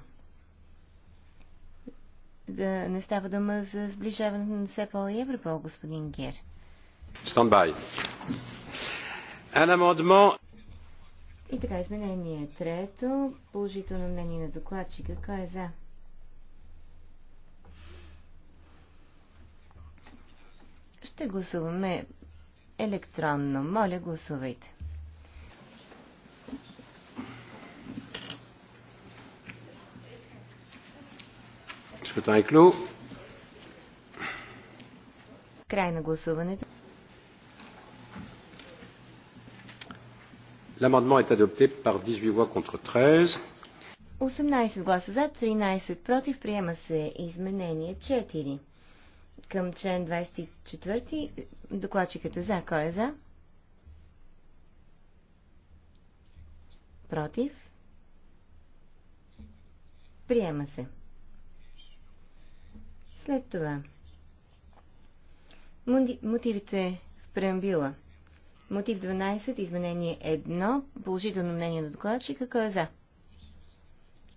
Да не става дума за сближаването на СЕПОЛ и Европол, господин Гер. Стандбай. Un amendement и така, изменение трето. Положително мнение на докладчика. Кой е за? Ще гласуваме електронно. Моля, гласувайте. Е Край на гласуването. L'amendement est adopté par 18 voix contre 13. 18 гласа за, 13 против. Приема се изменение 4. Към член 24 докладчикът е за. Кой е за? Против. Приема се. След това. Мотивите в преамбюла. Мотив 12, изменение 1, положително мнение на докладчика, кой е за?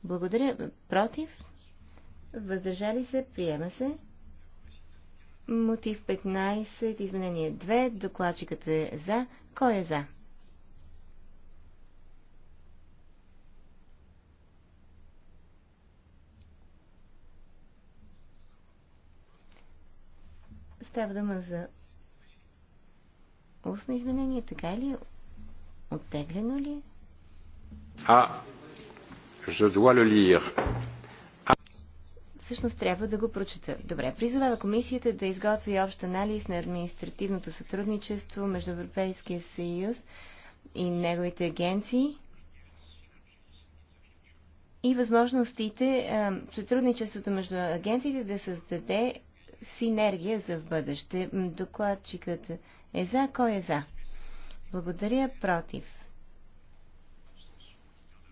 Благодаря. Против? Въздържали се? Приема се. Мотив 15, изменение 2, докладчикът е за. Кой е за? Става дума за устно изменение, така ли? Оттеглено ли? А, je dois le lire. А... Всъщност трябва да го прочета. Добре, призовава комисията да изготви общ анализ на административното сътрудничество между Европейския съюз и неговите агенции и възможностите, сътрудничеството между агенциите да създаде синергия за в бъдеще. Докладчикът е за, кой е за? Благодаря, против.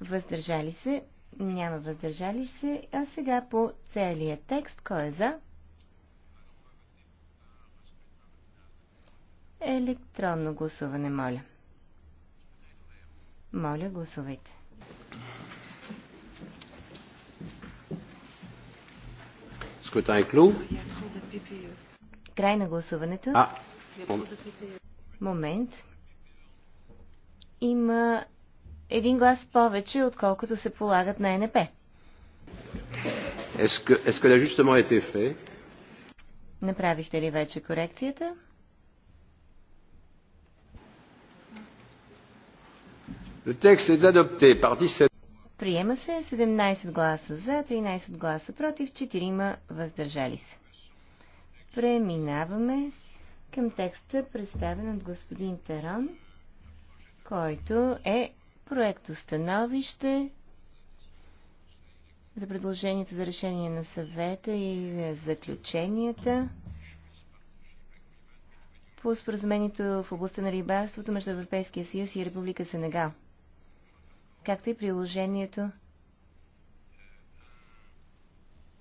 Въздържали се? Няма въздържали се. А сега по целия текст, кой е за? Електронно гласуване, моля. Моля, гласувайте. Скотай клуб. Край на гласуването. А. Момент. Има един глас повече, отколкото се полагат на НП. Направихте ли вече корекцията? Приема се 17 гласа за, 13 гласа против, 4 въздържали се. Преминаваме към текста, представен от господин Тарон, който е проектостановище за предложението за решение на съвета и заключенията по споразумението в областта на рибарството между Европейския съюз и Република Сенегал, както и приложението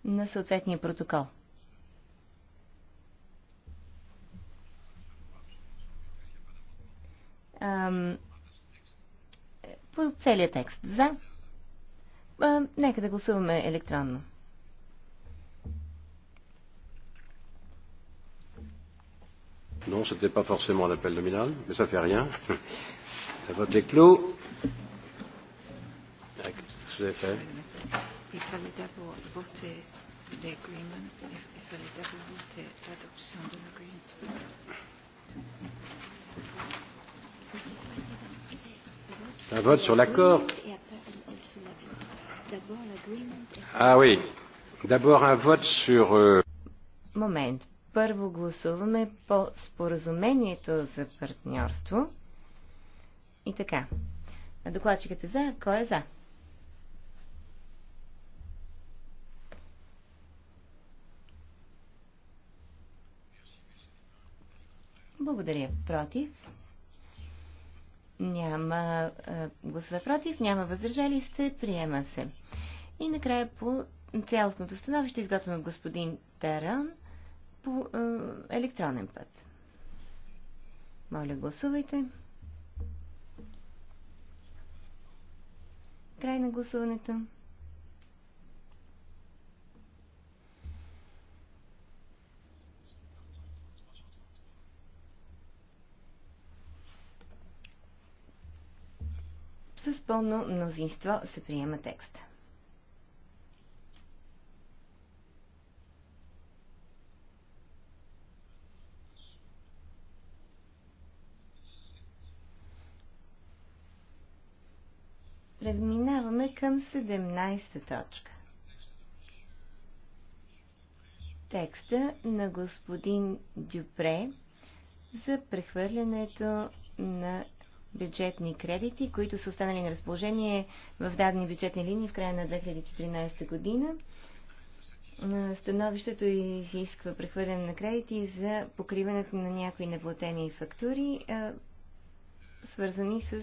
на съответния протокол. Ам, по целия текст. За. Ам, нека да гласуваме електронно. Non, ce n'était pas forcément un appel nominal, mais ça ne fait rien. Le vote est clos. Qu'est-ce que j'ai fait Il fallait d'abord voter l'agreement, il fallait d'abord voter l'adoption de l'agreement. Un vote sur l'accord Ah oui. D'abord un vote sur. Момент. Euh, Първо гласуваме по споразумението за партньорство. И така. Докладчикът е за. Кой е за? Благодаря. Против? няма гласове против, няма въздържали се, приема се. И накрая по цялостното становище, изготвено от господин Таран по електронен път. Моля, гласувайте. Край на гласуването. пълно мнозинство се приема текста. Преминаваме към 17-та точка. Текста на господин Дюпре за прехвърлянето на бюджетни кредити, които са останали на разположение в дадени бюджетни линии в края на 2014 година. Становището изисква прехвърляне на кредити за покриването на някои неплатени фактури, свързани с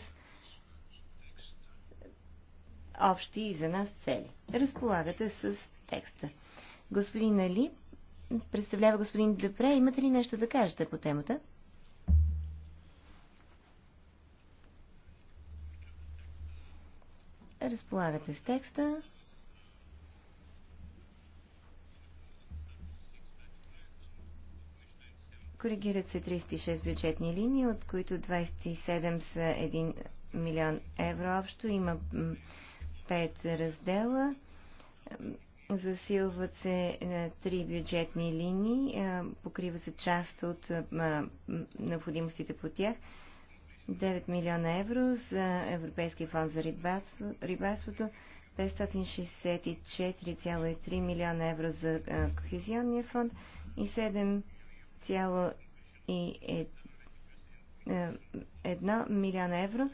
общи и за нас цели. Разполагате с текста. Господин Али, представлява господин Депре, имате ли нещо да кажете по темата? Разполагате с текста. Коригират се 36 бюджетни линии, от които 27 са 1 милион евро общо. Има 5 раздела. Засилват се 3 е, бюджетни линии, е, покрива се част от е, необходимостите по тях. 9 милиона евро за Европейския фонд за рибарството, 564,3 милиона евро за Кохезионния фонд и 7,1 милиона евро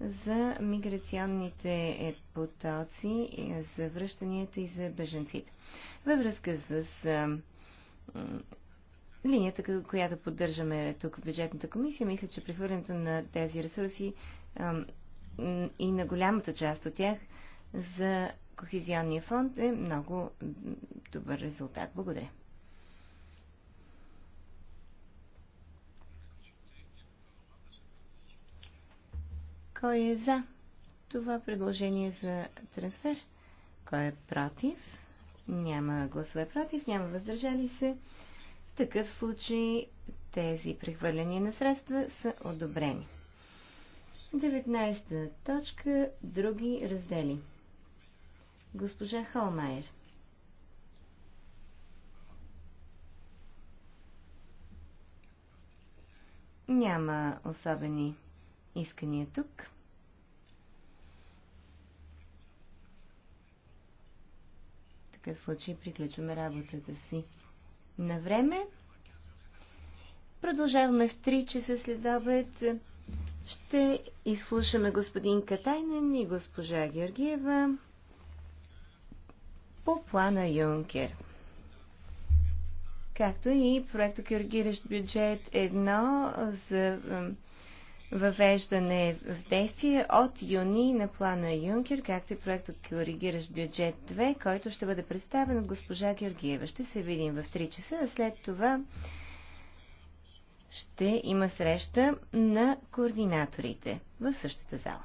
за миграционните е, потоци, е, за връщанията и за беженците. Във връзка с линията, която поддържаме тук в бюджетната комисия. Мисля, че прехвърлянето на тези ресурси и на голямата част от тях за Кохизионния фонд е много добър резултат. Благодаря. Кой е за това предложение за трансфер? Кой е против? Няма гласове против, няма въздържали се такъв случай тези прехвърляния на средства са одобрени. 19 точка. Други раздели. Госпожа Холмайер. Няма особени искания тук. В такъв случай приключваме работата си на време. Продължаваме в 3 часа след обед. Ще изслушаме господин Катайнен и госпожа Георгиева по плана Юнкер. Както и проекта Георгиращ бюджет 1 за въвеждане в действие от юни на плана Юнкер, както и проектът Коригираш бюджет 2, който ще бъде представен от госпожа Георгиева. Ще се видим в 3 часа, а след това ще има среща на координаторите в същата зала.